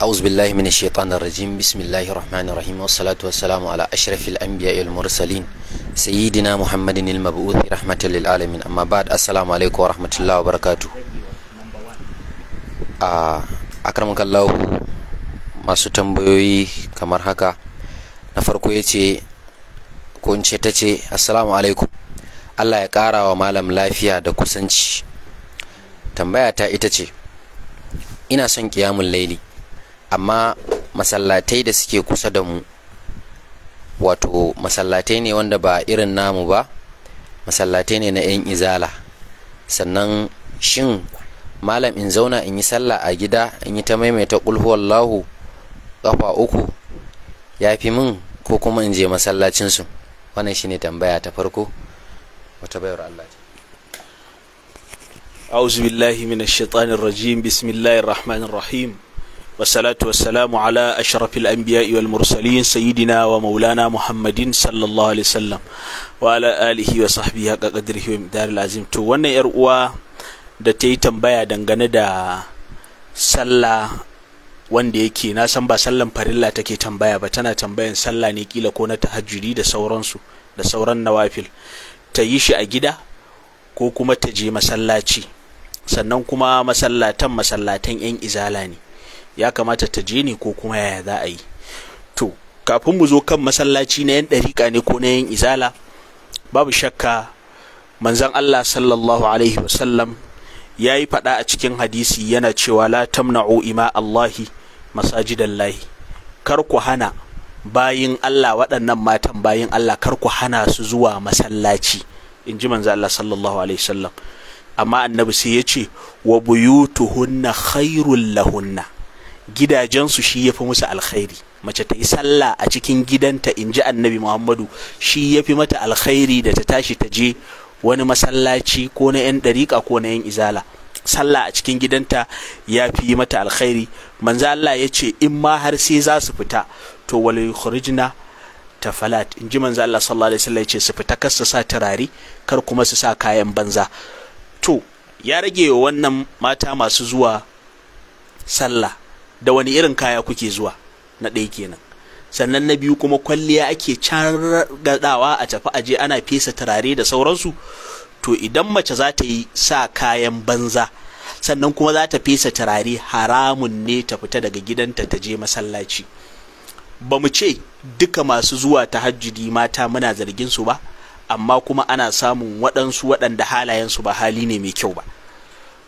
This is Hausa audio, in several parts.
أعوذ بالله من الشيطان الرجيم بسم الله الرحمن الرحيم والصلاة والسلام على أشرف الأنبياء المرسلين سيدنا محمد المبعوث رحمة للعالمين أما بعد السلام عليكم ورحمة الله وبركاته أكرمك الله ما ستنبوي kamar haka na farko ya ce ko in ce ta ce assalamu alaikum allah ya ƙara wa malam lafiya da kusanci tambaya ta amma masallatai da suke kusa da mu wato masallatai ne wanda ba irin namu ba masallatai ne na 'yan izala sannan shin malam in zauna in yi sallah a gida in yi ta maimaita ƙulhuwallahu ƙafa uku ya fi min ko kuma in je masallacinsu wannan shine tambaya ta farko wata bayar Allah ce أعوذ بالله من الشيطان الرجيم بسم الله الرحمن الرحيم والصلاة والسلام على أشرف الأنبياء والمرسلين سيدنا ومولانا محمد صلى الله عليه وسلم وعلى آله وصحبه حق قدره ومقدار العظيم تو wannan yar uwa da ta yi tambaya dangane da sallah wanda yake na san ba sallan farilla take tambaya ba tana tambayan sallah ne kila ko na tahajjudi da sauransu da sauran nawafil ta yi shi a gida ko kuma ta je masallaci sannan kuma masallatan masallatan 'yan izala ne ya kamata ta je ne ko kuma yaya za a yi to kafin mu zo kan masallaci na yan ɗariƙa ne ko na yan izala babu shakka manzon Allah sallallahu alaihi wasallam ya yi faɗa a cikin hadisi yana cewa la tamna'u ima Allahi lahi. kar ku hana bayin Allah waɗannan matan bayin Allah kar ku hana su zuwa masallaci in ji manzan Allah sallallahu alaihi wasallam amma annabi sai ya ce wa buyutuhunna khairul lahunna gidajensu shi ya fi musu alkhairi mace ta yi sallah a cikin gidanta in ji annabi muhammadu shi ya fi mata alkhairi da ta tashi ta je wani masallaci ko na 'yan dariƙa ko na 'yan izala sallah a cikin gidanta ya fi mata alkhairi manzo Allah ya ce in ma har sai za su fita to wal yukhrijna tafalat in ji manzo Allah sallallahu alaihi wasallam ya ce su fita kar su sa turare kar kuma su sa kayan banza to ya rage wannan mata masu zuwa sallah da wani irin kaya kuke zuwa na ɗaya kenan sannan na biyu kuma kwalliya ake gadawa a tafi aje ana fesa turare da sauransu to idan mace za ta yi sa kayan banza sannan kuma za ta fesa turare haramun ne ta fita daga gidanta ta je masallaci ba mu ce duka masu zuwa ta hajjudi mata muna zargin su ba amma kuma ana samun waɗansu waɗanda halayensu ba hali ne mai kyau ba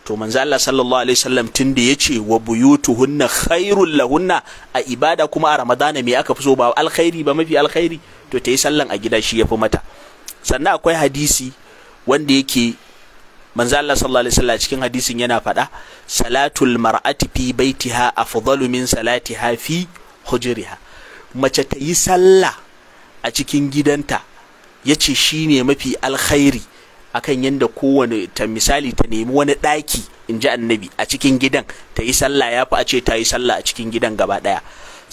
to manzo Allah sallallahu alaihi wasallam tun yace wa buyutuhunna khairul lahunna a ibada kuma a ramadana me aka fi so ba alkhairi ba mafi alkhairi to tayi yi sallan a gida shi yafi mata sannan akwai hadisi wanda yake manzo Allah sallallahu alaihi wasallam cikin hadisin yana faɗa salatul mar'ati fi baitiha afdalu min salatiha fi hujriha mace ta yi sallah a cikin gidanta yace shine mafi alkhairi akan yadda kowane ta misali ta nemi wani ɗaki in ji annabi a cikin gidan ta yi sallah ya fi a ce ta yi sallah a cikin gidan gaba ɗaya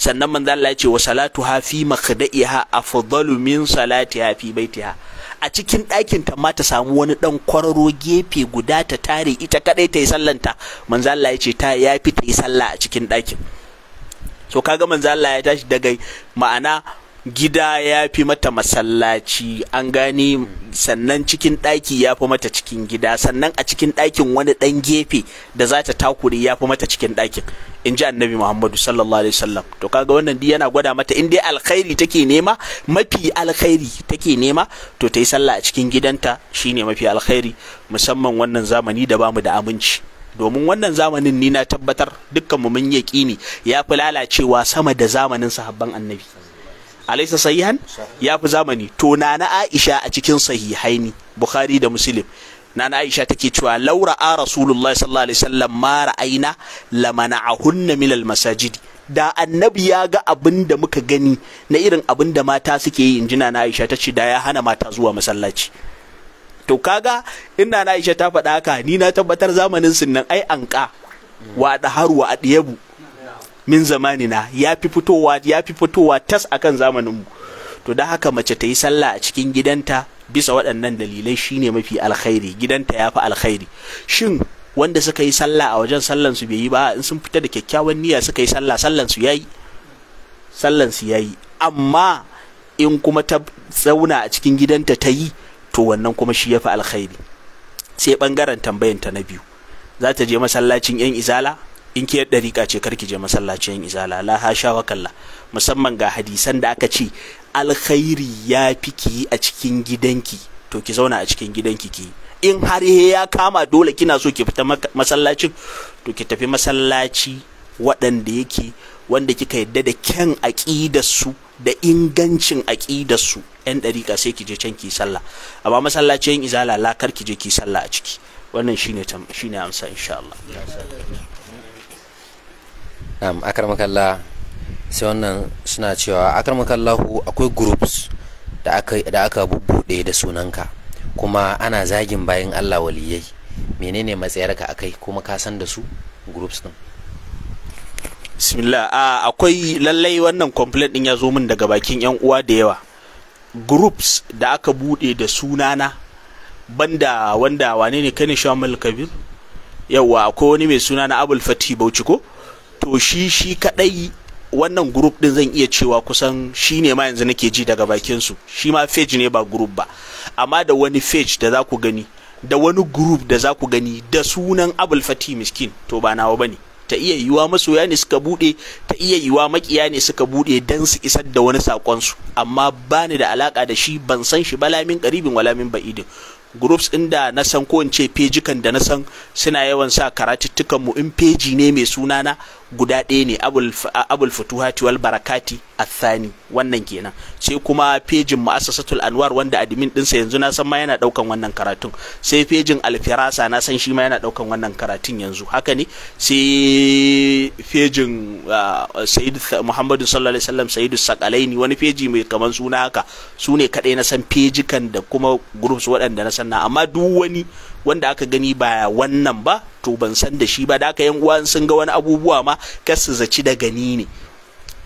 sannan manzo Allah ya ce wa salatu ha fi makhdaiha afdalu min ha fi baitiha a cikin ɗakin ta ma ta samu wani ɗan kwararo gefe guda ta tare ita kadai ta yi ta manzo Allah ya ce ta ya fi ta yi sallah a cikin ɗakin so kaga manzo Allah ya tashi daga ma'ana gida ya fi mata masallaci an gane sannan cikin ɗaki ya fi mata cikin gida sannan a cikin ɗakin wani ɗan gefe da za ta takure ya fi mata cikin ɗakin in ji annabi muhammadu sallallahu alaihi wasallam to kaga wannan di yana gwada mata in dai alkhairi take nema mafi alkhairi take nema to ta yi sallah a cikin gidanta shine mafi alkhairi musamman wannan zamani da bamu da aminci domin wannan zamanin ni na tabbatar dukkanmu mun yaƙini ya fi lalacewa sama da zamanin sahabban annabi alaisa sahihan ya fi zamani to na aisha a cikin sahihaini bukhari da muslim na aisha take cewa laura a rasulullahi sallallahu alaihi wasallam ma ra'aina hunna milal da annabi ya ga abin da muka gani na irin abin da mata suke yi inji na aisha ta ce da ya hana mata zuwa masallaci to kaga in na aisha ta faɗa haka ni na tabbatar zamanin sunan ai anka wa da haruwa a ɗiyabu min zamanina ya fi fitowa ya fi fitowa tas akan zamaninmu to da haka mace ta yi sallah a cikin gidanta bisa waɗannan dalilai shine mafi alkhairi gidanta ya fi alkhairi shin wanda suka yi sallah a wajen sallan su bai yi ba in sun fita da kyakkyawan niyya suka yi sallah sallan su yayi sallan su yayi amma in kuma ta zauna a cikin gidanta ta yi to wannan kuma shi ya fi alkhairi sai bangaren tambayanta na biyu za ta je masallacin yan izala in ke dariƙa ce karki je masallacin izala la hasha wa kalla musamman ga hadisan da aka ce alkhairi ya fi ki a cikin gidanki to ki zauna a cikin gidanki ki in har ya kama dole kina so ki fita masallacin to ki tafi masallaci waɗanda yake wanda kika yadda da kyan aƙidarsu da ingancin su, yan ɗariƙa sai ki je can ki sallah amma masallacin izala la kar ki je ki sallah a ciki wannan shine shine amsa insha Allah um, sai wannan suna cewa ku akwai groups da aka da aka bubbude da sunanka kuma ana zagin bayan Allah waliyai menene matsayarka akai kuma ka san da su groups din bismillah a ah, akwai lallai wannan complaint din ya zo min daga bakin yan uwa da yawa groups da aka buɗe da sunana banda wanda wane ne kani shamil kabir yawa akwai wani mai suna na abul fati bauchi ko to shi shi kadai wannan group din zan iya cewa kusan shi ne ma yanzu nake ji daga bakin su shi ma page ne ba group ba amma da wani page da za ku gani da wani group da za ku gani da sunan abul fatih miskin to ba nawa bane ta iya yiwa masoya ne suka bude ta iya yiwa makiya ne suka bude dan su isar da wani sakon su amma ba ni da alaka da shi ban san shi balamin karibin walamin ba'idin groups din da na san ko in ce pejikan da na san suna yawan sa karatuttukan mu in peji ne mai sunana guda ɗaya ne abul fatuhati wal barakati athani wannan kenan sai kuma fejin mu'assasatul anwar wanda admin ɗinsa yanzu na san ma yana ɗaukan wannan karatun sai fejin alfirasa na san shi ma yana ɗaukan wannan karatun yanzu haka ne sai fejin ah, muhammadu sallallahu alaihi wasallam sayyidu sakalaini wani feji mai kamar suna haka su ne kaɗai na san fejikan da kuma gurus waɗanda na san na amma duk wani wanda aka gani ba wannan ba to ban san da shi ba da aka yan uwa sun ga wani abubuwa ma kasu zaci da gani ne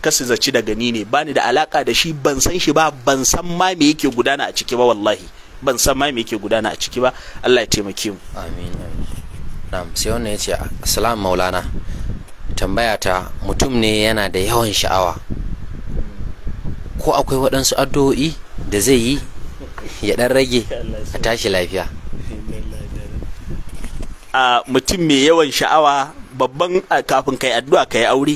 kasu zaci da gani ne bani da alaka da shi ban san shi ba ban san ma me yake gudana a ciki ba wallahi ban san ma me yake gudana a ciki ba Allah ya taimake mu amin na'am sai wannan yace assalamu maulana tambaya ta mutum ne yana da yawan sha'awa ko akwai waɗansu addu'o'i da zai yi ya ɗan rage a tashi lafiya A mutum mai yawan sha'awa babban kafin kai addu'a kai aure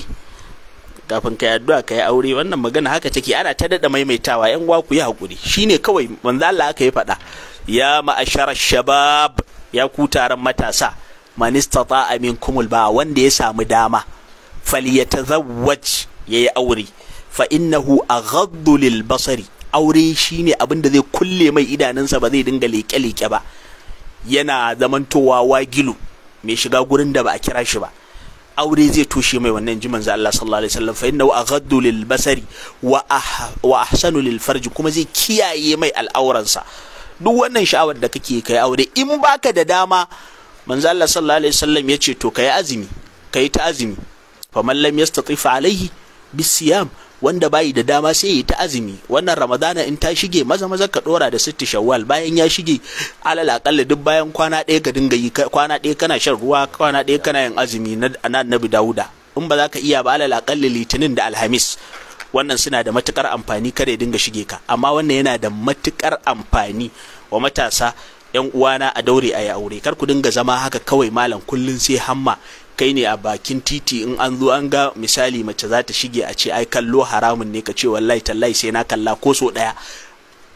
kafin kai addu'a kai aure wannan magana haka take ana ta dada maimaitawa yan uwa ku yi hakuri ne kawai manzo Allah aka yi faɗa ya ma'ashara shabab ya ku taron matasa man istata'a Kumul, ba wanda ya samu dama falyatazawwaj yayi aure fa innahu aghaddu lil basari aure shine abin da zai kulle mai idanunsa ba zai dinga leke-leke ba yana zamantowa wagilu mai shiga gurin da ba a kira shi ba aure zai toshe mai wannan ji manzo Allah sallallahu alaihi wasallam fa innahu aghaddu lil basari wa ah-, wa ahsanu lil farj kuma zai kiyaye mai al'auransa duk wannan sha'awar da kake kai aure in baka da dama manzo Allah sallallahu alaihi wasallam yace to kai azumi kai ta azumi faman lam yastati fa alaihi bisiyam wanda bayi da dama sai yi ta azumi wannan ramadana in ta shige maza maza ka dora da sitti shawwal bayan ya shige alal akalla duk bayan kwana ɗaya ka dinga yi kwana ɗaya kana shan ruwa kwana ɗaya kana yin azumi na annabi dauda in ba za ka iya ba alal akalla litinin da alhamis wannan suna da matukar amfani kada ya dinga shige ka amma wannan yana da matukar amfani wa matasa yan uwana a daure a yi aure kar ku dinga zama haka kawai malam kullun sai hamma kai ne a bakin titi in an zo an ga misali mace za ta shige a ce ai kallo haramun ne ka ce wallahi tallahi sai na kalla ko so daya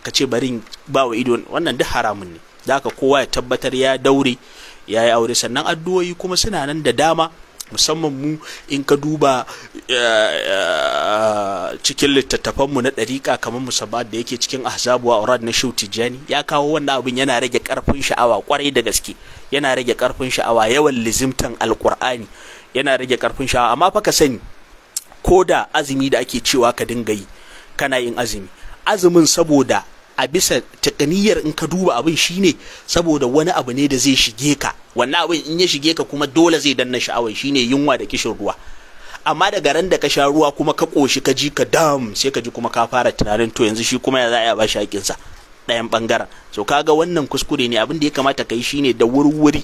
ka ce bari ba wa ido wannan duk haramun ne zaka kowa ya tabbatar ya daure ya yi aure sannan addu'o'i kuma suna nan da dama musamman mu in ka duba eh, eh, cikin littattafanmu na ɗariƙa kamar musamman da yake cikin ahzabu a na shehu tijjani ya kawo wannan abin yana rage ƙarfin sha'awa kwarai da gaske yana rage ƙarfin sha'awa yawan lizimtan alƙur'ani yana rage ƙarfin sha'awa amma fa ka sani ko da azumi da ake cewa ka dinga yi kana yin azumi azumin saboda a bisa takaniyar in ka duba abin shine saboda wani abu ne da zai shige ka wannan abin in ya shige ka kuma dole zai danna sha'awar shine yunwa da kishin ruwa amma daga ran da ka sha ruwa kuma ka koshi ka ji ka dam sai ka ji kuma ka fara tunanin to yanzu shi kuma ya za a ba shi hakinsa ɗayan ɓangaren so ga wannan kuskure ne abin da ya kamata ka yi shi ne da wurwuri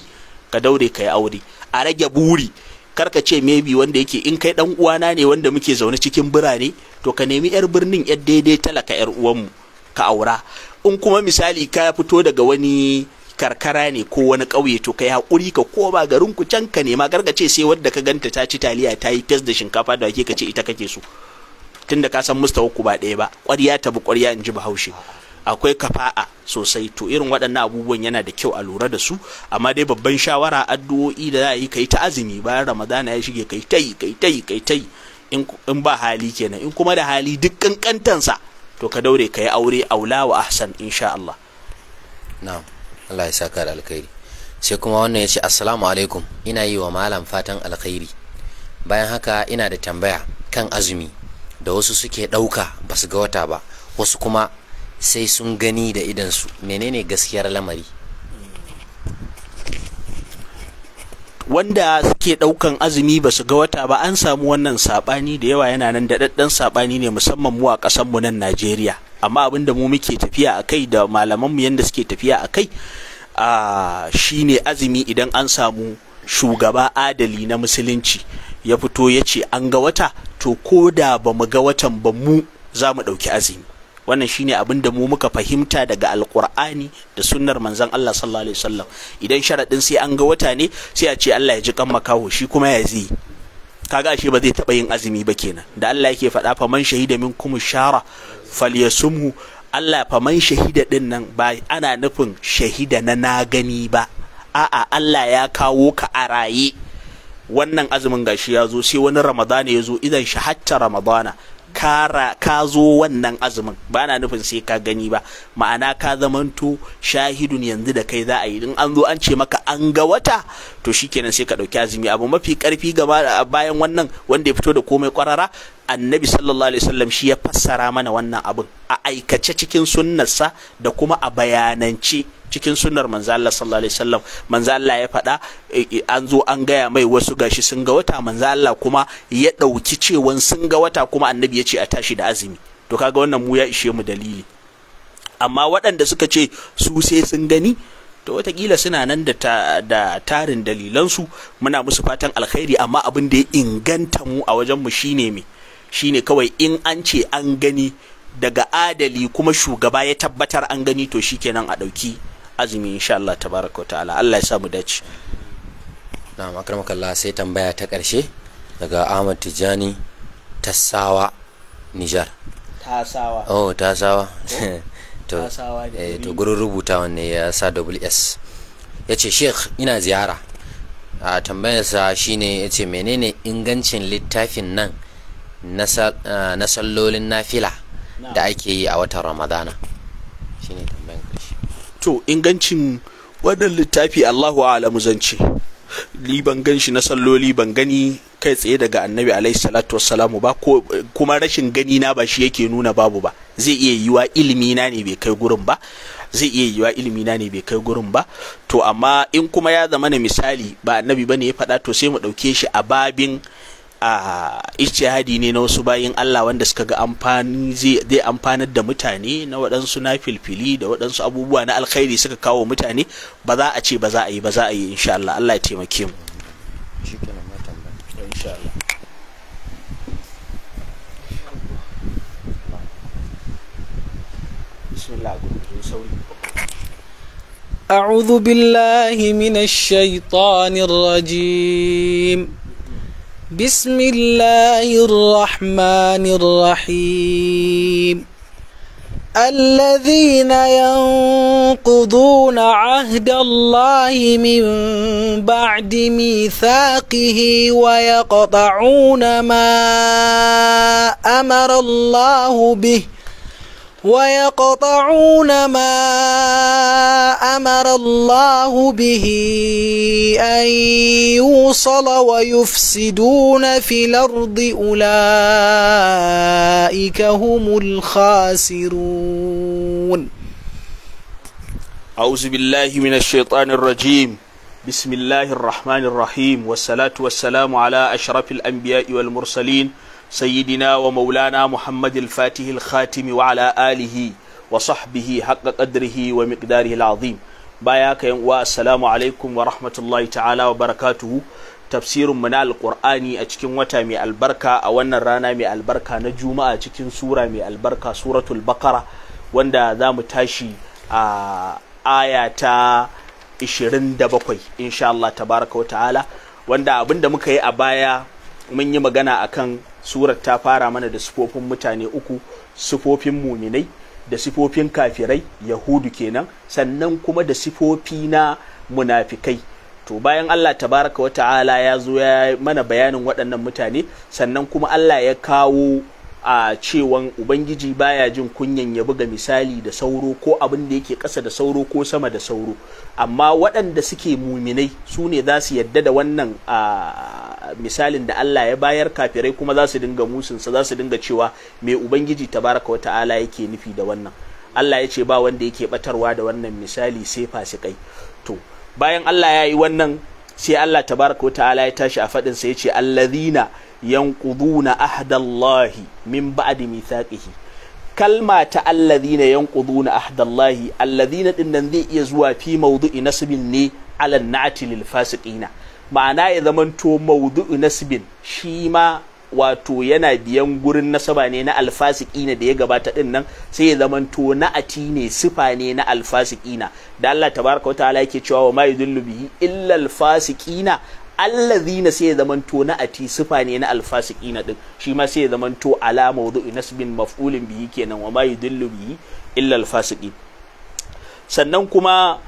ka daure ka yi aure a rage buri kar ka ce maybe wanda yake in kai dan uwana ne wanda muke zaune cikin birane to ka nemi yar birnin yar daidai talaka yar uwanmu ka aura in kuma misali ka fito daga wani karkara ne ko wani ƙauye to yi haƙuri ka ko ba garin ku can ka nema ce sai wadda ka ganta ta ci taliya ta yi fes da shinkafa da ka ce ita kake so tunda ka san mustawa ku ba ɗaya ba ƙwarya ta bi ƙwarya in ji bahaushe akwai kafa'a sosai to irin waɗannan abubuwan yana da kyau a lura da su amma dai babban shawara addu'o'i da za a yi yi ta azumi bayan ramadana ya shige ka yi ta yi yi ta yi yi ta yi in ba hali kenan in kuma da hali duk kankantansa to ka daure ka yi aure aula wa ahsan insha Allah na'am Allah ya saka da alkhairi sai kuma wannan ya ce assalamu alaikum ina yi wa malam fatan alkhairi bayan haka ina da tambaya kan azumi da wasu suke ɗauka ba su ga wata ba wasu kuma sai sun gani da idansu menene gaskiyar lamari wanda suke daukan azumi ba su ga wata ba an samu wannan sabani da yawa yana nan da daddan sabani ne musamman mu a kasan mu nan Najeriya amma abin da mu muke tafiya akai da malaman mu yanda suke tafiya akai a shine azumi idan an samu shugaba adali na musulunci ya fito ya ce an ga wata to ko da ba mu ga watan ba mu za mu ɗauki azumi wannan shine abin da mu muka fahimta daga alkur'ani da sunnar manzon Allah sallallahu alaihi wasallam idan sharadin sai an ga wata ne sai a ce Allah ya ji kan makaho shi kuma ya Ka kaga ashe ba zai taɓa yin azumi ba kenan da Allah yake faɗa fa man shahida minkum shara falyasumhu Allah fa man shahida din nan ba ana nufin shahida na na gani ba a'a Allah ya kawo ka a raye wannan azumin gashi ya zo sai wani ramadana ya zo idan shi ramadana kara ka zo wannan azumin ba na nufin sai ka gani ba ma'ana ka zamanto shahidun yanzu da kai za a yi in an zo an ce maka an ga wata to shi shikenan sai ka ɗauki azumi abu mafi ƙarfi gaba bayan wannan wanda ya fito da komai ƙwarara annabi sallallahu alaihi wasallam shi ya fassara mana wannan abin a aikace cikin sunnarsa da kuma a bayanance cikin sunnar manzo Allah sallallahu alaihi wasallam manzo Allah ya faɗa eh, eh, an zo an gaya mai wasu gashi sun ga wata manzo Allah kuma ya ɗauki cewan sun ga wata kuma annabi ya ce a tashi da azumi to kaga wannan mu ya ishe mu dalili amma waɗanda suka ce su sai sun gani to watakila suna nan da, da tarin dalilansu muna musu fatan alkhairi amma abin da ya inganta mu a wajen mu shine me shine kawai in an ce an gani daga adali kuma shugaba ya tabbatar an gani to shikenan a ɗauki azumi insha Allah tabaraka ta'ala Allah ya samu dace na Allah sai tambaya ta ƙarshe daga Ahmad Tijani Tassawa Nijar Tasawa oh Tasawa to eh to gurin rubuta wanne ya sa double s yace sheikh ina ziyara a tambayarsa shine yace menene ingancin littafin nan Eh, na sallolin nafila da ake yi a watan ramadana shine tambayan to ingancin wannan littafi allahu alamu zance li ban ganshi na salloli ban gani kai tsaye daga annabi alaihi salatu wassalamu ba ko kuma rashin gani na ba shi yake nuna babu ba zai iya yiwa ilimi na ne bai kai gurin ba zai iya yiwa ilimi na ne bai kai gurin ba to amma in kuma ya zama na misali ba annabi bane ya faɗa to sai mu ɗauke shi a babin a ijtihadi ne na wasu bayin Allah wanda suka ga amfani zai amfanar da mutane na waɗansu na filfili da waɗansu abubuwa na alkhairi suka kawo mutane ba za a ce ba za a yi ba za a yi insha Allah Allah ya taimake mu أعوذ بالله من الشيطان الرجيم بسم الله الرحمن الرحيم الذين ينقضون عهد الله من بعد ميثاقه ويقطعون ما امر الله به ويقطعون ما امر الله به ان يوصل ويفسدون في الارض اولئك هم الخاسرون اعوذ بالله من الشيطان الرجيم بسم الله الرحمن الرحيم والصلاه والسلام على اشرف الانبياء والمرسلين سيدنا ومولانا محمد الفاتح الخاتم وعلى آله وصحبه حق قدره ومقداره العظيم باياك والسلام عليكم ورحمة الله تعالى وبركاته تفسير من القرآن أتكين وتا مي البركة أولنا رانا مي البركة نجوما أتكين سورة مي البركة سورة البقرة واندا ذا متاشي آية 27 إن شاء الله تبارك وتعالى wanda abin da muka yi a baya mun yi magana akan surat ta fara mana da sifofin mutane uku sifofin muminai da sifofin kafirai yahudu kenan sannan kuma da sifofi na munafikai to bayan Allah tabaraka wa ta'ala ya zo ya mana bayanin waɗannan mutane sannan kuma Allah ya kawo a cewan ubangiji baya jin kunyan ya buga misali da sauro ko abin da yake ƙasa da sauro ko sama da sauro amma waɗanda suke muminai su ne za su yadda da wannan misalin da Allah ya bayar kafirai kuma za su dinga musunsa za su dinga cewa mai ubangiji tabaraka wata'ala yake nufi da wannan Allah ya ce ba wanda yake batarwa da wannan misali sai fasikai to bayan Allah ya yi wannan sai Allah tabaraka wata'ala ya tashi a faɗinsa ya ce allazina yanquduna ahdallahi min ba'di mithaqihi kalma ta alladhina yanquduna ahdallahi alladhina din nan zai iya zuwa fi mawdu'i nasbin ne ala na'ti lil fasiqina ma'ana ya zamanto mawdu'i nasbin shi ma wato yana biyan gurin nasaba ne na alfasikina da ya gabata din sai ya zamanto na'ati ne sifa ne na alfasikina da Allah tabaraka ta'ala yake cewa wa ma yudullu bihi illa alfasikina zina sai ya zamanto na ati sifa ne na alfasiqina din shi ma sai ya to ala mawdu'i nasbin maf'ulin bihi kenan wa ma yudillu bihi illa alfasiqin sannan kuma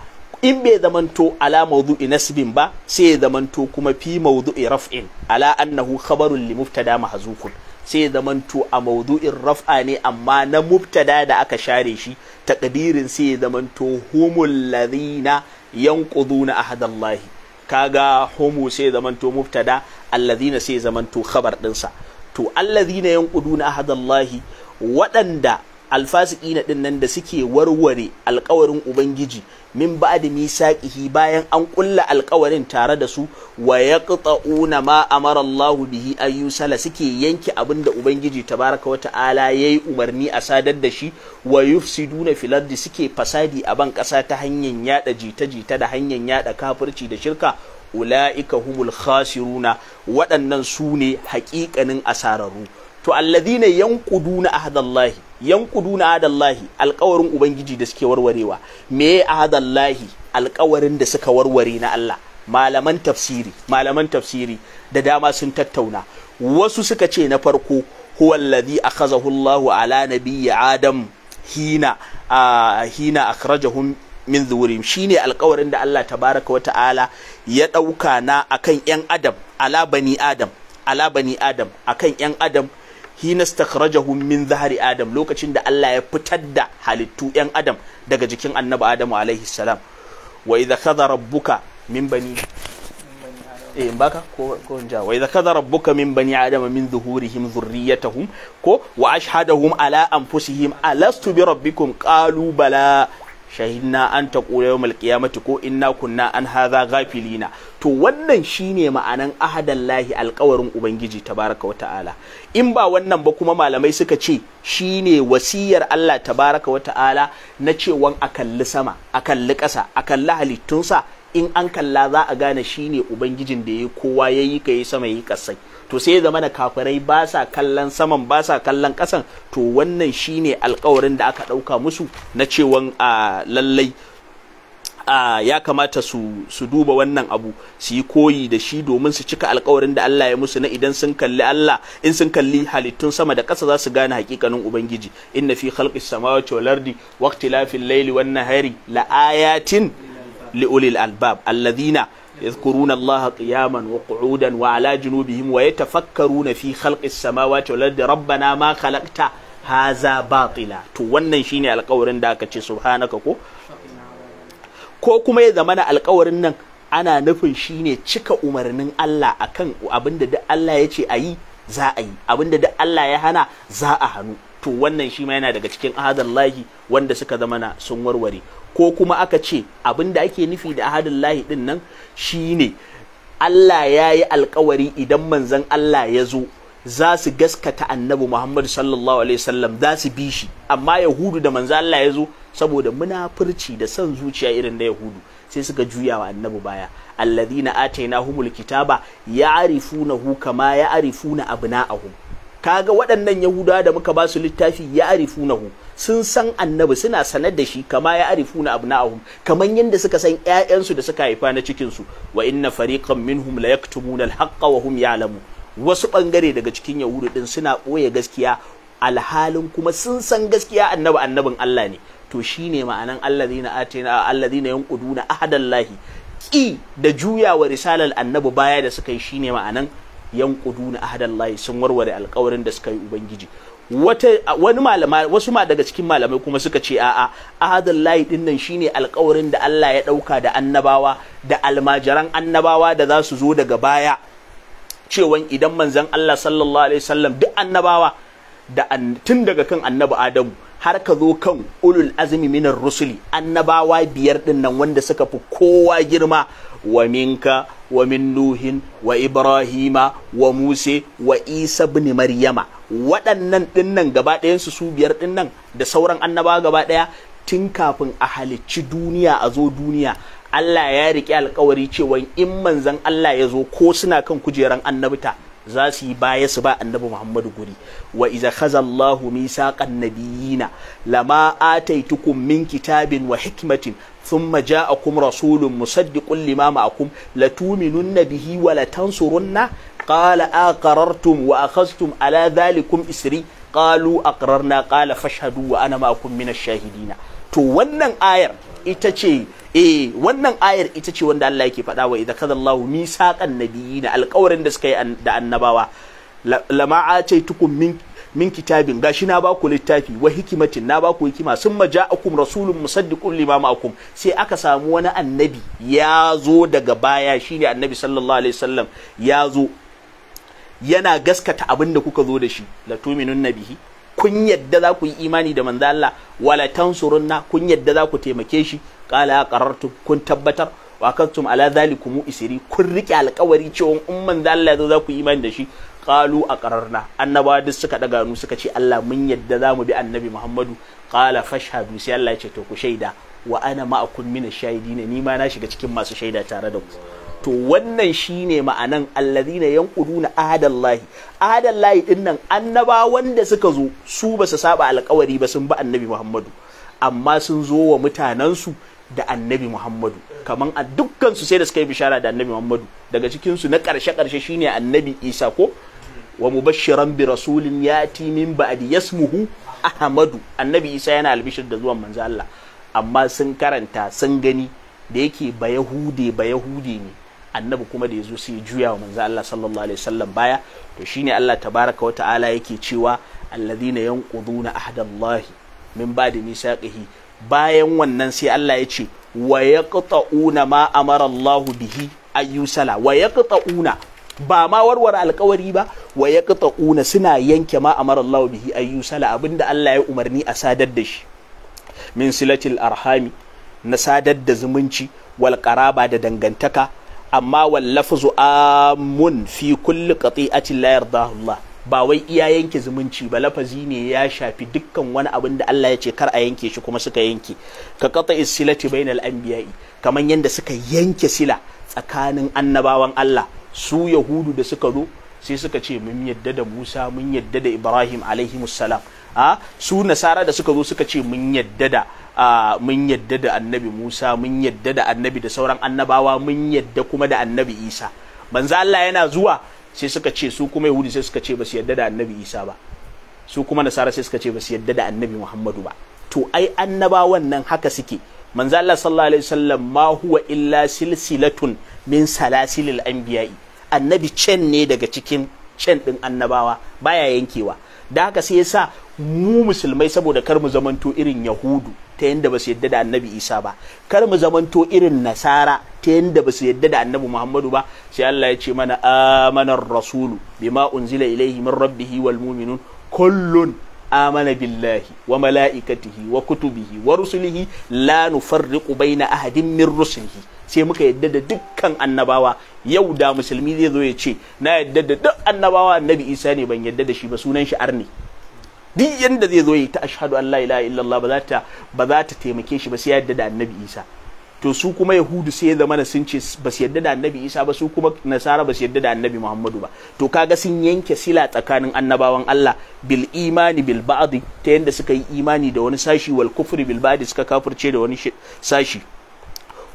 in bai zamanto ala mawdu'i nasbin ba sai ya zamanto kuma fi mawdu'i raf'in ala annahu khabarun li mubtada mahzukun sai ya to a mawdu'in raf'a ne amma na mubtada da aka share shi takdirin sai ya zamanto humul ladina yanquduna ahadallahi kaga homo sai zamanto mubtada allazina sai zamanto khabar dinsa to allazina na ahadallahi waɗanda alfasikina din nan da suke warware alƙawarin ubangiji min ba da misaqihi bayan an kulla alkawarin tare da su wa yaqta'una ma amara Allah bihi ayyusala suke yanke abinda ubangiji tabaraka wa ta'ala yayi umarni a sadar da shi wa yufsiduna fil ardi suke fasadi a ban ƙasa ta hanyar yada jita-jita da hanyar yada kafirci da shirka ula'ika humul khasiruna waɗannan su ne haƙiƙanin asararru to alladhina yanquduna ahdallahi yanquduna ahdallahi alƙawarin ubangiji da suke warwarewa me ahdallahi alqawarin da suka warware na Allah malaman tafsiri malaman tafsiri da dama sun tattauna wasu suka ce na farko huwa alladhi akhazahu Allahu ala nabiyyi Adam hina hina akhrajahum min zuwurim shine alkawarin da Allah tabaraka wata'ala ya ɗauka na akan yan adam ala bani adam ala bani adam akan yan adam hina stakhrajahum min zahari adam lokacin da Allah ya fitar da halittu yan adam daga jikin annabi adamu alaihi salam wa idza kadha rabbuka min bani eh in baka ko ko in wa idza kadha rabbuka min bani adama min zuhurihim zurriyatahum ko wa ashhadahum ala anfusihim alastu bi rabbikum qalu shahidna an taqula yawmal qiyamati ko na kunna an gafili na. to wannan shine ma'anan ahadallahi alƙawarin ubangiji tabaraka wa ta'ala in ba wannan ba kuma malamai suka ce shine wasiyar Allah tabaraka wa ta'ala na cewan a kalli sama a kalli ƙasa a kalli halittunsa in an kalla za a gane shine ubangijin da ya kowa ya yi ka yi sama yayi ƙasai to sai zama na kafirai ba sa kallon saman ba sa kallon kasan to wannan shine alkawarin da aka dauka musu na cewan a lallai a ya kamata su duba wannan abu su yi koyi da shi domin su cika alkawarin da Allah ya musu na idan sun kalli Allah in sun kalli halittun sama da ƙasa za su gane hakikanin ubangiji inna fi khalqis samawati wal ardi waqtilafil layli wan nahari la ayatin li ulil albab alladhina يذكرون الله قياما وقعودا وعلى جنوبهم ويتفكرون في خلق السماوات والارض ربنا ما خلقت هذا rabbana ma haza wannan shine alƙawarin da aka ce subhanaka ko ko kuma ya zama na alƙawarin nan ana nufin shine cika umarnin Allah akan abinda duk Allah ya ce a yi za a yi abinda duk Allah ya hana za a hannu to wannan shi ma yana daga cikin ahadallahi wanda suka zama na sun warware ko kuma aka ce abin da ake nufi da ahadin lahi din nan shine Allah ya yi alkawari idan manzan Allah ya zo za su gaskata annabi Muhammad sallallahu alaihi wasallam za su bi shi amma yahudu da manzan Allah ya zo saboda munafurci da son zuciya irin da yahudu sai suka juya wa annabi baya alladhina atainahumul kitaba ya'rifunahu kama ya'rifuna abna'ahum kaga waɗannan yahudawa da muka ba su littafi ya'rifunahu sun san annabi suna sanar da shi kama ya arifu na abu na'ahum kamar yadda suka san ƴaƴansu da suka haifa na cikinsu wa inna fariqan minhum la yaktumuna alhaqqa wa hum ya'lamu wasu bangare daga cikin yahudu din suna ɓoye gaskiya alhalin kuma sun san gaskiya annabi annabin Allah ne to shine ma'anan alladhina atina alladhina yanquduna ahadallahi ki da juyawa risalar annabi baya da suka yi shine ma'anan yanquduna ahadallahi sun warware alƙawarin da suka yi ubangiji wasu ma daga cikin malamai kuma suka ce a'a adal layi din nan shine alkawarin da Allah ya dauka da annabawa da almajiran annabawa da za su zo daga baya cewan idan manzon Allah sallallahu alaihi wasallam duk annabawa tun daga kan annabi Adamu har ka zo kan ulul azumi minar rusuli annabawa biyar din nan wanda suka fi kowa girma wa minka wa min nuhin wa ibrahima wa muse wa isa bin maryama waɗannan din nan gaba ɗayansu su biyar din nan da sauran annabawa gaba ɗaya tun kafin a halicci duniya a zo duniya Allah ya riƙe alkawari cewa in manzan Allah ya zo ko suna kan kujeran annabita. za su yi baya su ba annabi muhammadu guri wa iza khaza allahu misaqan nabiyina lama ataitukum min kitabin wa hikmatin thumma ja'akum rasulun musaddiqun lima ma'akum latuminunna bihi wa latansurunna qala aqarartum wa akhadhtum ala dhalikum isri qalu aqrarna qala fashhadu wa ana ma'akum min ash-shahidina to wannan ayar ita ce e wannan ayar ita ce wanda Allah yake faɗa wa idza kadallahu misaqan nabiyina alƙawarin da suka yi da annabawa lama ataitukum min min kitabin gashi na baku littafi wa hikimatin na baku hikima sun maja'akum rasulun musaddiqun lima ma'akum sai aka samu wani annabi ya zo daga baya shine annabi sallallahu alaihi wasallam ya zo yana gaskata abinda kuka zo da shi la tuminun nabihi kun yadda za ku yi imani da manzo Allah wala tansurunna kun yadda za ku taimake shi qala ya qarartu kun tabbatar wa kantum ala zalikum isri kun rike alƙawari cewa in manzo Allah zo za ku yi imani da shi qalu aqararna annabawa duk suka daga nu suka ce Allah mun yadda za mu bi annabi Muhammadu qala fashhadu sai Allah ya ce to ku shaida wa ana ma'akum min ash-shahidin ni ma na shiga cikin masu shaida tare da ku to wannan shi ne ma'anan na allazina yanquduna ahadallahi ahadallahi din nan annaba wanda suka zo su ba su saba alkawari ba sun ba annabi Muhammadu amma sun zo wa mutanensu da annabi Muhammadu kaman a dukkan su sai da suka yi bishara da annabi Muhammadu daga cikin su na karshe karshe shine annabi Isa ko wa mubashiran bi rasulin yati min ba'di yasmuhu Ahmadu annabi Isa yana albishir da zuwan manzo Allah amma sun karanta sun gani da yake ba Yahude ne annabi kuma da ya zo sai juya wa manzo Allah sallallahu alaihi wasallam baya to shine Allah tabaraka wa ta'ala yake cewa alladhina yanquduna ahdallahi min ba'di misaqihi bayan wannan sai Allah ya ce wa yaqta'una ma amara Allah bihi ayyusala wa yaqta'una ba ma warware alkawari ba wa yaqta'una suna yanke ma amara Allah bihi ayyusala abinda Allah ya umarni a sadar da shi min silatil arhami na sadar da zumunci wal da dangantaka amma wallafuzu amun fi kulli qati'atin la yardahu Allah ba wai iya yanke zumunci ba lafazi ne ya shafi dukkan wani abin da Allah ya ce kar a yanke shi kuma suka yanke ka qata silati bainal anbiya'i kamar yanda suka yanke sila tsakanin annabawan Allah su yahudu da suka zo sai suka ce mun yadda da Musa mun yadda da Ibrahim alaihimus salam a su nasara da suka zo suka ce mun yadda da mun yadda da annabi Musa mun yadda da annabi da sauran annabawa mun yadda kuma da annabi Isa manzo Allah yana zuwa sai suka ce su kuma Yahudi sai suka ce ba su yadda da annabi Isa ba su kuma nasara sai suka ce ba su yadda da annabi Muhammadu ba to ai annabawan nan haka suke manzo Allah sallallahu alaihi wasallam ma huwa illa silsilatun min salasilil anbiya'i annabi cen ne daga cikin cen din annabawa baya yankewa da haka sai yasa mu musulmai saboda kar mu zamanto irin yahudu ta yadda ba su yadda da annabi isa ba kar mu zamanto irin nasara ta yadda ba su yadda da annabi muhammadu ba sai allah ya ce mana amanar rasulu bima unzila ilaihi min rabbihi wal mu'minun kullun amana billahi wa mala'ikatihi wa kutubihi wa rusulihi la nufarriqu baina ahadin min rusulihi sai muka yadda da dukkan annabawa yau da musulmi zai zo ya ce na yadda da duk annabawa annabi isa ne ban yadda da shi ba sunan shi arni duk yanda zai zo ya ta ashhadu an la ilaha illallah ba za ta taimake shi ba sai yadda da annabi isa to su kuma yahudu sai ya zama na sun ce ba su yadda da annabi isa ba su kuma nasara ba su yadda da annabi muhammadu ba to kaga sun yanke sila tsakanin annabawan allah bil imani bil ta yadda suka yi imani da wani sashi wal kufri bil suka kafurce da wani sashi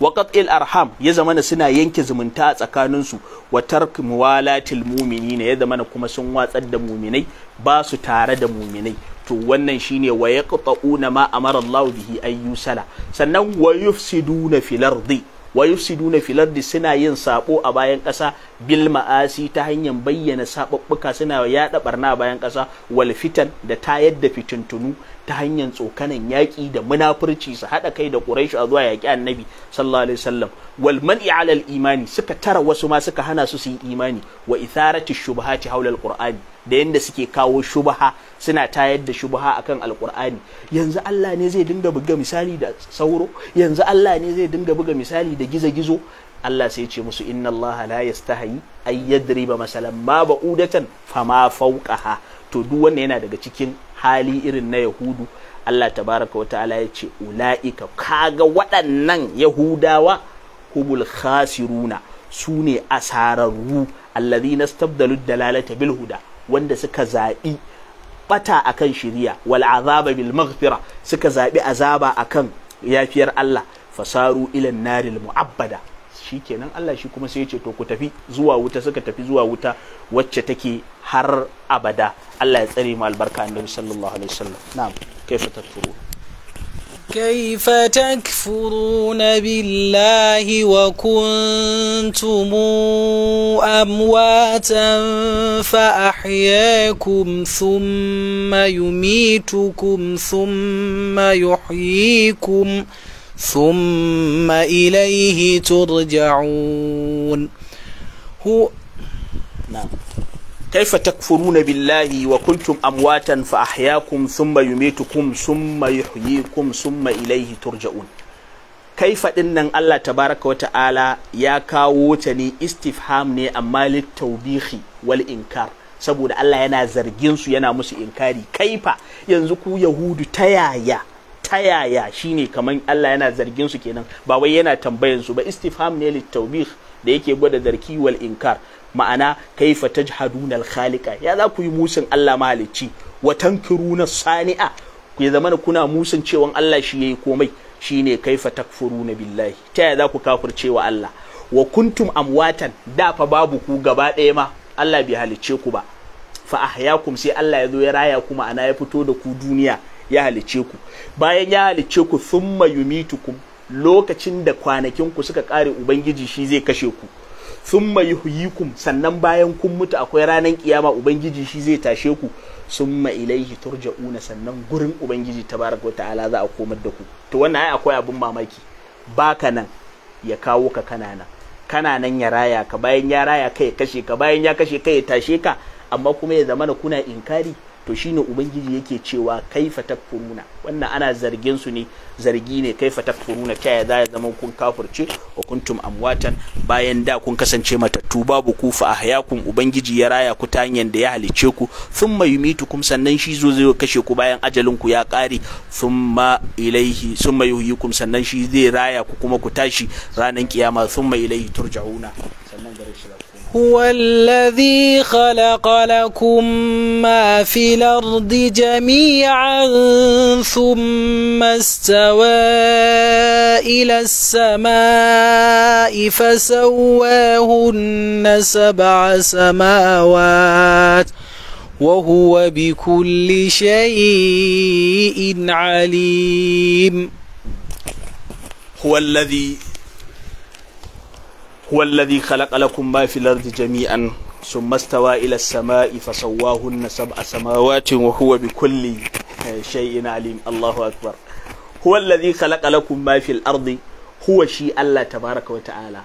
wa il arham ya zama na suna yanke zumunta a tsakanin su wa tark muwalatil mu'minina ya na kuma sun watsar da mu'minai ba su tare da mu'minai to wannan shine wa yaqta'una ma amara Allah bihi ayyu yusala sannan wa yufsiduna fil ardi wa yufsiduna fil ardi suna yin sabo a bayan ƙasa bil ma'asi ta hanyar bayyana sababbuka suna yaɗa barna bayan ƙasa wal fitan da tayar da fitintunu ta hanyar tsokanan yaƙi da munafurci su haɗa kai da quraishu a zuwa yaƙi annabi sallallahu alaihi wasallam wal man'i alal imani suka tara wasu ma suka hana su su yi imani wa itharati shubahati haula qur'ani da yanda suke kawo shubaha suna tayar da shubaha akan al qur'ani yanzu Allah ne zai dinga buga misali da sauro yanzu Allah ne zai dinga buga misali da gizo-gizo Allah sai ce musu inna Allah la yastahi ay yadriba masalan ma ba'udatan fama fawqaha to duk wanda yana daga cikin hali irin na yahudu Allah tabaraka wata'ala ya ce ula'ika kaga waɗannan yahudawa humul khasiruna su ne asararru alladhina stabdalu dalalata bil huda wanda suka zaɓi bata akan shiriya wal azaba bil maghfira suka zaɓi azaba akan yafiyar Allah fasaru ilan naril mu'abbada shikenan Allah shi kuma sai ya ce to ku tafi zuwa wuta suka tafi zuwa wuta wacce take har abada Allah ya tsare mu albarka annabi sallallahu alaihi wasallam na'am kaifa tafuru كيف تكفرون بالله وكنتم أمواتا فأحياكم ثم يميتكم ثم يحييكم ثم إليه ترجعون هو نعم كيف تكفرون بالله وكنتم أمواتا فأحياكم ثم يميتكم ثم يحييكم ثم إليه ترجعون كيف إن الله تبارك وتعالى يا كاوتني استفهامني ني أما للتوبيخ والإنكار saboda Allah yana zargin su yana musu inkari kaifa yanzu ku yahudu ta yaya ta yaya shine kaman Allah yana zargin su kenan ba wai yana tambayan su ba istifham ne tawbih da yake gwada zarki wal inkar ma'ana kaifa tajhaduna al khaliqa ya za ku yi musun Allah mahalicci wa tankuruna sani'a ku ya zamana kuna musun cewa Allah shi yayi komai shine kaifa takfuruna billahi ta yaya za ku wa Allah wa kuntum amwatan da fa babu ku gaba ɗaya ma Allah bai halicce ku ba fa ahyakum sai Allah ya zo ya raya ku ma'ana ya fito da ku duniya ya halice ku bayan ya halice ku thumma yumitukum lokacin da kwanakin ku suka kare ubangiji shi zai kashe ku thumma yuhyikum sannan bayan kun mutu akwai ranar kiyama ubangiji shi zai tashe ku summa ilaihi turja'una sannan gurin ubangiji ta tabaraka ala za a komar da ku to wannan ai akwai abin mamaki baka nan ya kawo ka kana nan kana nan ya raya ka bayan ya raya ka ya kashe ka bayan ya kashe ka ya tashe ka amma kuma ya zamana kuna inkari to shine ubangiji yake cewa kaifa takfuruna wannan ana zargin su ne zargi ne kaifa takfuruna ta ya za ya zama kun kafirce wa kuntum amwatan bayan da kun kasance matattu babu kufa fa ahyakum ubangiji ya raya ku ta hanyar da ya halice ku thumma yumitukum sannan shi zo zai kashe ku bayan ajalin ku ya kare thumma ilaihi thumma yuhyikum sannan shi zai raya ku kuma ku tashi ranar kiyama thumma ilaihi turja'una هو الذي خلق لكم ما في الأرض جميعا ثم استوى إلى السماء فسواهن سبع سماوات وهو بكل شيء عليم هو الذي هو الذي خلق لكم ما في الأرض جميعا ثم استوى إلى السماء فسواهن سبع سماوات وهو بكل شيء عليم الله أكبر هو الذي خلق لكم ما في الأرض هو شيء الله تبارك وتعالى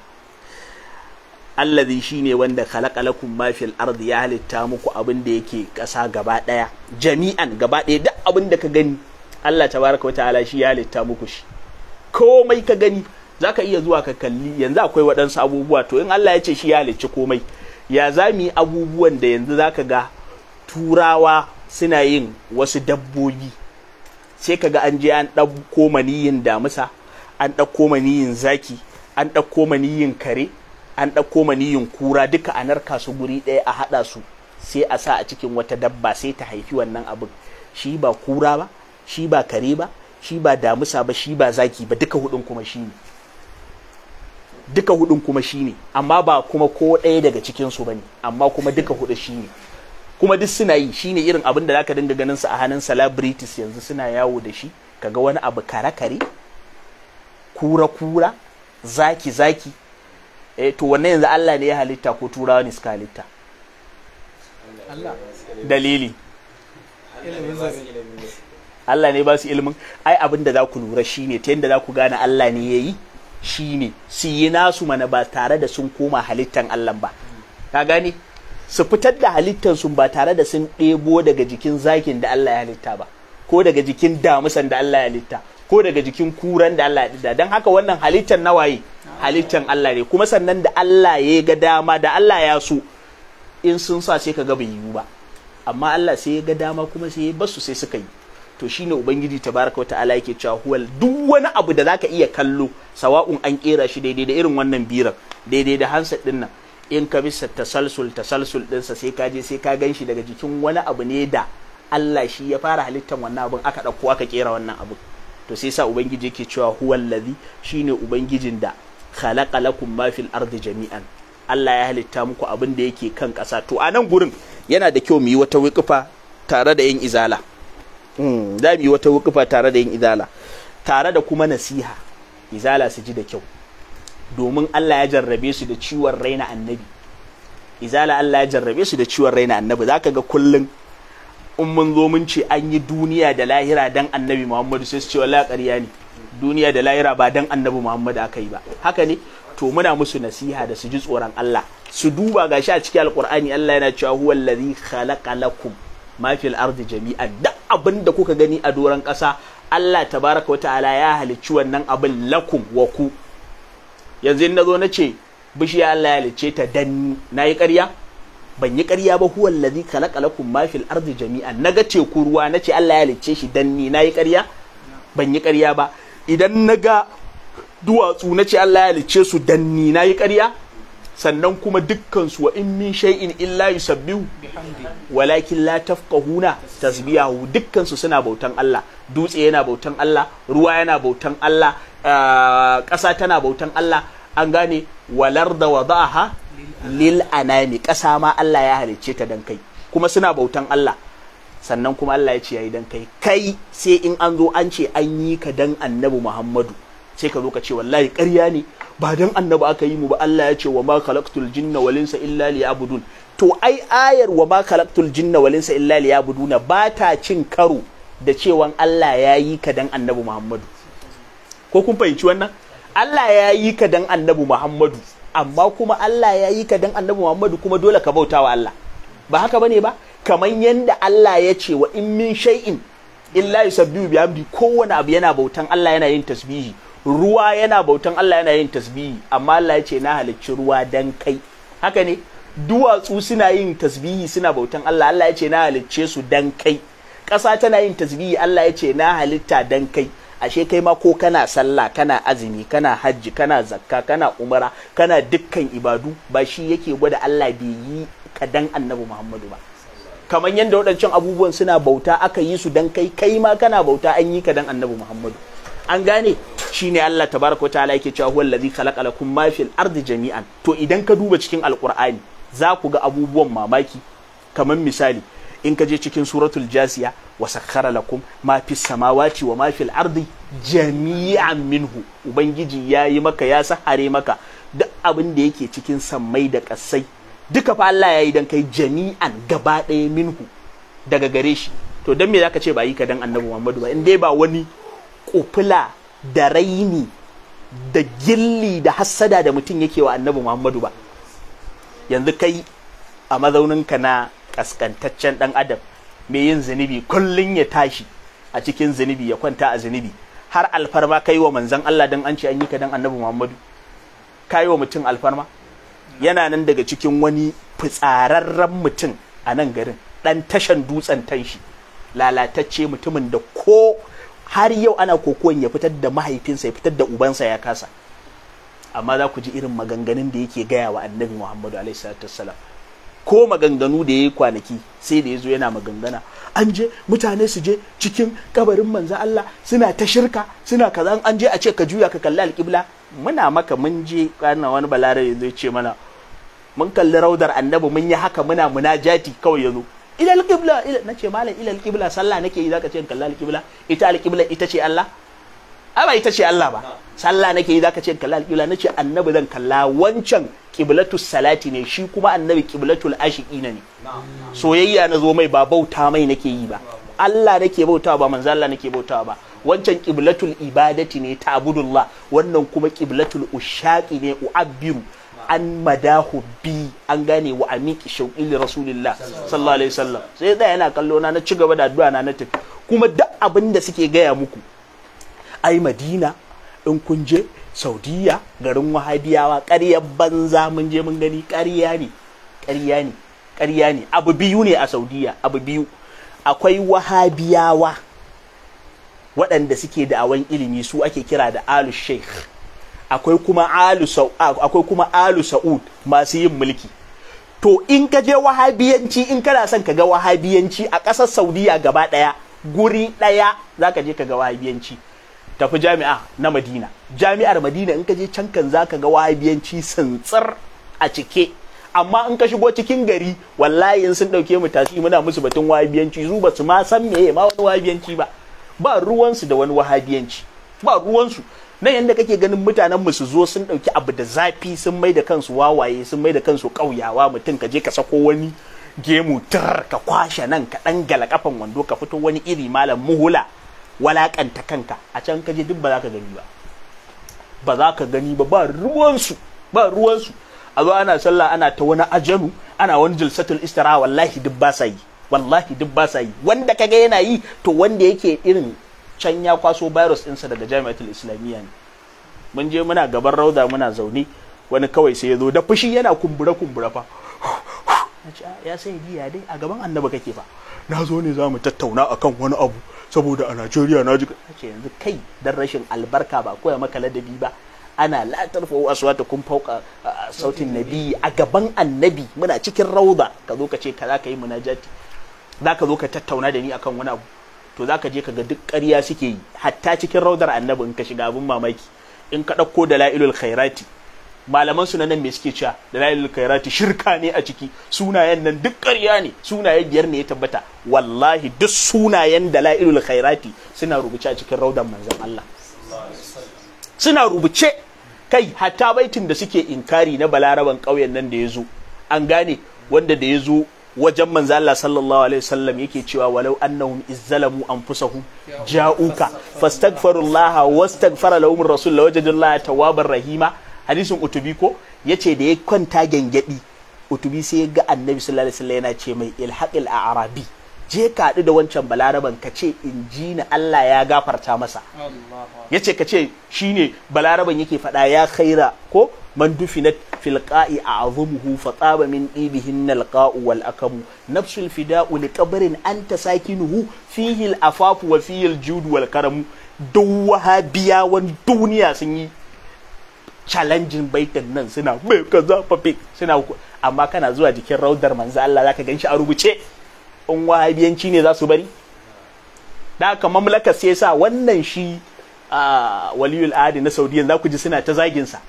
allazi shine wanda khalaqa lakum ma fil ardi ya halitta muku abin da yake ƙasa gaba ɗaya jami'an gaba ɗaya duk abin da ka gani Allah tabaraka wa ta'ala shi ya halitta muku shi komai ka gani za ka iya zuwa ka kalli yanzu akwai waɗansu abubuwa to in Allah ya ce shi ya halicci komai ya za mu yi abubuwan da yanzu za ka ga turawa suna yin wasu dabbobi sai ka ga an je an ɗauko maniyin damusa an ɗauko maniyin zaki an ɗauko maniyin kare an ɗauko maniyin kura duka a narka su guri ɗaya a haɗa su sai a sa a cikin wata dabba sai ta haifi wannan abin shi ba kura ba shi ba kare ba shi ba damusa ba shi ba zaki ba duka hudun kuma shi ne duka hudun kuma shine amma ba kuma ko ɗaya daga cikin su bane amma kuma duka hudu shine kuma duk suna yi shine irin abin da zaka dinga ganin su a hannun celebrities yanzu suna yawo da shi kaga wani abu kare kare kura kura zaki zaki eh to wannan yanzu Allah ne ya halitta ko turawa ne suka halitta Allah dalili Allah ne ba su ilimin ai abin da za ku lura shine ta yadda za ku gane Allah ne ya yi Shi ne su yi nasu mana ba tare da sun koma halittan Allah ba ka gane su fitar da halittan su ba tare da sun ɗebo daga jikin zakin da Allah ya halitta ba ko daga jikin damusan da Allah ya halitta ko daga jikin kuran da Allah ya halitta don haka wannan halittan nawaye halittan Allah ne kuma sannan da Allah ya ga dama da Allah ya so in sun sa sai ka ga bai yiwu ba amma Allah sai ya ga dama kuma sai ya basu sai suka yi to shine ubangiji tabaraka wa ta'ala yake cewa huwal duk wani abu da za ka iya kallo sawa'un an kera shi daidai da irin wannan biran daidai da hansa din nan in ka bisa tasalsul tasalsul dinsa sai ka je sai ka gan shi daga jikin wani abu ne da Allah shi ya fara halittar wannan abun aka ɗauko aka kera wannan abu. to sai sa ubangiji yake cewa huwal shi ne ubangijin da khalaqa lakum ma fil ardi jami'an Allah ya halitta muku abin da yake kan ƙasa to a nan gurin yana da kyau mu yi wata wuƙufa tare da yin izala Hmm, za wata wukufa tare da yin izala tare da kuma nasiha izala su ji da kyau domin Allah ya jarrabe su da ciwon raina annabi izala Allah ya jarrabe su da ciwon raina annabi zaka ga kullum in mun zo mun ce an yi duniya da lahira dan annabi Muhammadu sai su ce wallahi ƙarya ne duniya da lahira ba dan annabi Muhammadu aka yi ba haka ne to muna musu nasiha da su ji tsoron Allah su duba gashi a cikin alqur'ani Allah yana cewa huwallazi khalaqa lakum ma fil jami'an duk abin da kuka gani a doron ƙasa Allah Ta baraka tabaraka wata'ala ya halicci wannan abin lakum wa ku yanzu na nazo nace bishiya Allah ya halicce ta danni nayi ƙarya ban yi ƙarya ba huwa allazi khalaqa lakum ma fil ardi jami'an ga teku ruwa ce Allah ya halicce shi danni nayi ƙarya ban yi ƙarya ba idan na ga duwatsu nace Allah ya halicce su danni nayi ƙarya sannan kuma dukkansu wa in min shay'in illa yusabbihu walakin la tafqahuna tasbihahu dukkansu suna bautan Allah dutse yana bautan Allah ruwa yana bautan Allah ah, ƙasa tana bautan Allah an gane walar da wada'aha lil anami ƙasa ma Allah ya halicce ta dan kai kuma suna bautan Allah sannan kuma Allah ya ce yayi dan kai kai sai in an zo an ce an yi ka dan annabi Muhammadu sai ka zo ka ce wallahi ƙarya ne ba dan annabi aka yi mu ba Allah ya ce wa ma khalaqtul jinna wal insa illa liya'budun to ai ayar wa ma khalaqtul jinna wal insa illa liya'buduna ba ta cin karo da cewan Allah ya yi ka dan annabi Muhammadu ko kun fahimci wannan Allah ya yi ka dan annabi Muhammadu amma kuma Allah ya yi ka dan annabi Muhammadu kuma dole ka bauta wa Allah ba haka bane ba kamar yanda Allah ya ce wa in min shay'in illa yusabbihu bihamdi kowane abu yana bautan Allah yana yin tasbihi ruwa yana bautan Allah yana yin tasbihi amma Allah ya ce na halicci ruwa dan kai haka ne duwatsu suna yin tasbihi suna bautan Allah Allah ya ce na halicce su dan kai ƙasa tana yin tasbihi Allah ya ce na halitta dan kai ashe kai ma ko kana sallah kana azumi kana hajji kana zakka kana umara kana dukkan ibadu ba shi yake gwada Allah bai yi ka dan annabi Muhammadu ba kamar yadda waɗancan abubuwan suna bauta aka yi su dan kai kai ma kana bauta an yi ka dan annabi Muhammadu an gane shi ne Allah tabaraka ta'ala yake cewa huwa allazi khalaqa lakum ma fil ardi jami'an to idan ka duba cikin alqur'ani za ku ga abubuwan mamaki kamar misali in ka je cikin suratul jasiya wa sakhara lakum ma fis samawati wa ma fil jami'an minhu ubangiji yayi maka ya sahare maka duk abin da yake cikin sammai da kasai duka fa Allah yi dan kai jami'an gaba ɗaya minhu daga gare shi to dan me zaka ce ba yi ka dan annabi Muhammadu ba in dai ba wani kufula da raini da gilli da hassada da mutum yake wa annabi muhammadu ba yanzu kai a mazauninka na kaskantaccen dan adam mai yin zunubi kullum ya tashi a cikin zunubi ya kwanta a zunubi har alfarma kai wa manzan Allah dan an ce an yi ka dan annabi muhammadu kai wa mutum alfarma yana nan daga cikin wani fitsararren mutum a nan garin dan tashan dutsen tanshi lalatacce mutumin da ko har yau ana kokowar ya fitar da mahaifinsa ya fitar da ubansa ya kasa amma za ku ji irin maganganun da yake gaya wa annabi muhammadu alaihi ko maganganu da ya yi kwanaki sai da ya zo yana magangana an je mutane su je cikin kabarin manzo Allah suna ta shirka suna kaza an je a ce ka juya ka kalli alƙibla muna maka mun je kana wani balarabe zai ce mana mun kalli raudar annabi mun yi haka muna munajati kawai ya zo ila alqibla ila nace malam ila alqibla sallah nake yi zaka ce kalla alqibla ita alqibla ita ce Allah a ba ita ce Allah ba sallah nake yi zaka ce in kalla alqibla nace annabi zan kalla wancan qiblatu salati ne shi kuma annabi qiblatul ashiqi ne soyayya na zo mai ba bauta mai nake yi ba Allah nake bautawa ba manzo Allah nake bautawa ba wancan qiblatul ibadati ne ta'budullah wannan kuma qiblatul ushaqi ne u'abbiru an madahu bi an gane wa amiki shauƙi li rasulillah sallallahu alaihi wasallam sai da yana kallo na na ci gaba da addu'a na na tafi kuma duk abin da suke gaya muku ai madina in kun je saudiya garin wahabiyawa ƙaryar banza mun je mun gani ƙarya ne ƙarya ne ƙarya ne abu biyu ne a saudiya abu biyu akwai wahabiyawa waɗanda suke da awon ilimi su ake kira da alu sheikh akwai kuma alu sa'ud masu yin mulki to in ka je wahabiyanci in kana son ka ga wahabiyanci a ƙasar saudiya gaba ɗaya guri ɗaya za ka je ka ga wahabiyanci tafi jami'a na madina jami'ar madina in ka je can kan za ka ga wahabiyanci tsintsir a cike amma in ka shigo cikin gari wallahi in sun ɗauke mu tashi muna musu batun wahabiyanci su ba su ma san meye ma wani wahabiyanci ba ba ruwansu da wani wahabiyanci ba ruwansu nan yanda kake ganin mutanen mu su zo sun dauki abu da zafi sun mai da kansu wawaye sun mai da kansu kauyawa mutum kaje ka sako wani gemu tar ka kwashe nan ka dan gala kafan wando ka fito wani iri malam muhula walakanta kanka a can kaje je duk ba za ka gani ba ba za ka gani ba ba ruwansu ba su a zo ana sallah ana ta wani ajalu ana wani jilsatul istira wallahi duk ba sa yi wallahi duk ba sa yi wanda kaga yana yi to wanda yake irin can ya kwaso virus ɗinsa daga jami'atul islamiyya ne mun je muna gaban rauda muna zaune wani kawai sai ya zo da fushi yana kumbura kumbura fa ah, ya sai biya dai a gaban annabi kake fa na zo ne za mu tattauna akan wani abu saboda a Najeriya na ji ce yanzu kai dan rashin albarka ba koya maka ladabi ba ana la tarfu aswata kun fauka sautin nabi a gaban annabi muna cikin rauda ka zo ka ce ka za ka yi munajati za ka zo ka tattauna da ni akan wani abu to za ka je ka ga duk ƙarya suke yi hatta cikin raudar annabi in ka shiga abin mamaki in ka ɗauko da la'ilul khairati malaman su nan me suke cewa da la'ilul khairati shirka ne a ciki sunayen nan duk ƙarya ne sunaye biyar ne ya tabbata wallahi duk sunayen da la'ilul khairati suna rubuce a cikin raudar manzon Allah suna rubuce kai hatta baitin da suke inkari na balaraban ƙauyen nan da ya zo an gane wanda da ya zo wajen manzo Allah sallallahu alaihi wasallam yake cewa walau annahum izzalamu anfusahum ja'uka fastaghfirullah wastaghfara lahum rasul lawajadullaha tawwabar rahima hadisin utubi ko yace da ya kwanta gengedi utubi sai ya ga annabi sallallahu alaihi wasallam yana ce mai ilhaqil arabi je ka haɗu da wancan balaraban ka ce in ji Allah ya gafarta masa yace ce ka ce shi balaraban yake faɗa ya khaira ko man dufinat fil qa'i a'zamuhu fa taba min ibihin alqa'u wal akamu nafsul fida'u li qabrin anta sakinuhu fihi al afafu wa fihi al jud wal karamu duk wahabiyawan duniya sun yi challenging baitin nan suna mai kaza fafe suna amma kana zuwa jikin raudar manzo Allah zaka ganshi a rubuce in wahabiyanci ne za su bari da haka mamlakar sai sa wannan shi a ah, waliyul adi na saudiyan za ku ji suna ta zagin sa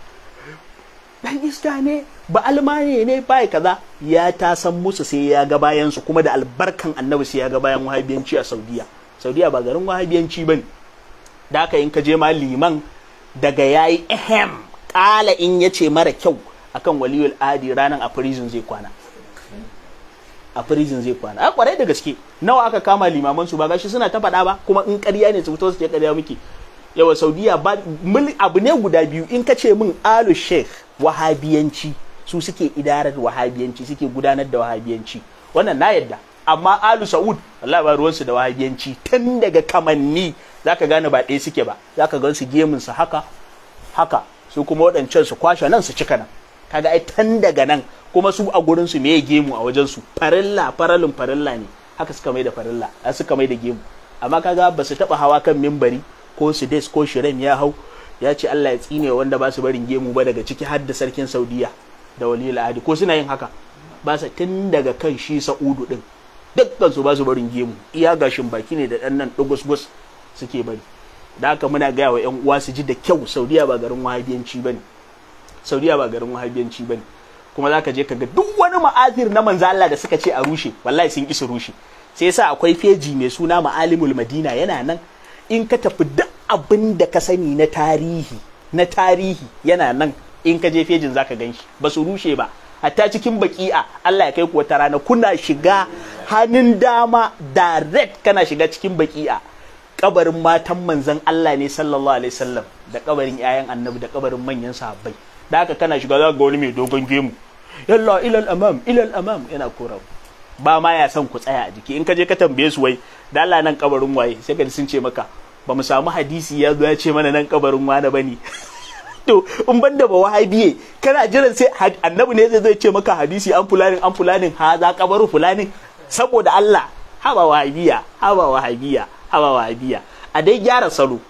dan iska ne ba almani ne ba kaza ya ta san musu sai ya ga bayan su kuma da albarkan annabi sai ya ga bayan wahabiyanci a saudiya saudiya ba garin wahabiyanci ba ne da aka in ka je ma liman daga yayi ehem kala in ya ce mara kyau akan waliyul adi ranar a prison zai kwana a prison zai kwana a kwarai da gaske nawa aka kama limaman su ba gashi suna ta faɗa ba kuma in ƙarya ne su fito su ce ƙarya muke yawa saudiya abu ne guda biyu in ka ce min alu sheikh wahabiyanci su suke idarar wahabiyanci suke gudanar da wahabiyanci wannan na yadda amma alu sa'ud Allah ba ruwansu da wahabiyanci tun daga kamanni zaka gane ba ɗaya suke ba zaka gan su gemun su haka haka su kuma waɗancan su kwashe nan su cika nan kaga ai tun daga nan kuma su a gurin su meye gemu a wajen su farilla faralin farilla ne haka suka mai da farilla suka mai da gemu amma kaga ba su taba hawa kan mimbari ko sides ko Shirem ya hau ya ce Allah ya tsine wanda ba su barin gemu ba daga ciki har da sarkin Saudiya da waliyul ahadi ko suna yin haka ba sa tun daga kan shi Sa'udu din dukkan su ba su barin gemu iya gashin baki ne da dan nan dugus suke bari da haka muna gaya wa yan uwa su ji da kyau Saudiya ba garin wahabiyanci bane Saudiya ba garin wahabiyanci bane kuma zaka je ka ga duk wani ma'azir na manzo Allah da suka ce a rushe wallahi sun ki rushe sai yasa akwai feji mai suna ma'alimul madina yana nan in ka tafi duk abin da ka sani na tarihi na tarihi yana nan in ka je fejin zaka gan shi ba su rushe ba hatta cikin baki'a Allah ya kai ku wata rana kuna shiga hannun dama direct kana shiga cikin baki'a kabarin matan manzon Allah ne sallallahu alaihi wasallam da kabarin yayan annabi da kabarin manyan sahabbai da haka kana shiga za ga wani mai dogon gemu yalla ilal amam ilal amam yana kora ba ma ya san ku tsaya a jiki in ka je ka tambaye su wai da Allah nan kabarin waye sai ka sun ce maka ba mu samu hadisi ya zo ya ce mana nan kabarin wani ba ne to in ban da ba wahabiye kana jiran sai annabi ne zai ce maka hadisi an fulanin an fulanin ha za kabarin fulanin saboda Allah haba wahabiya haba wahabiya haba wahabiya a dai gyara salo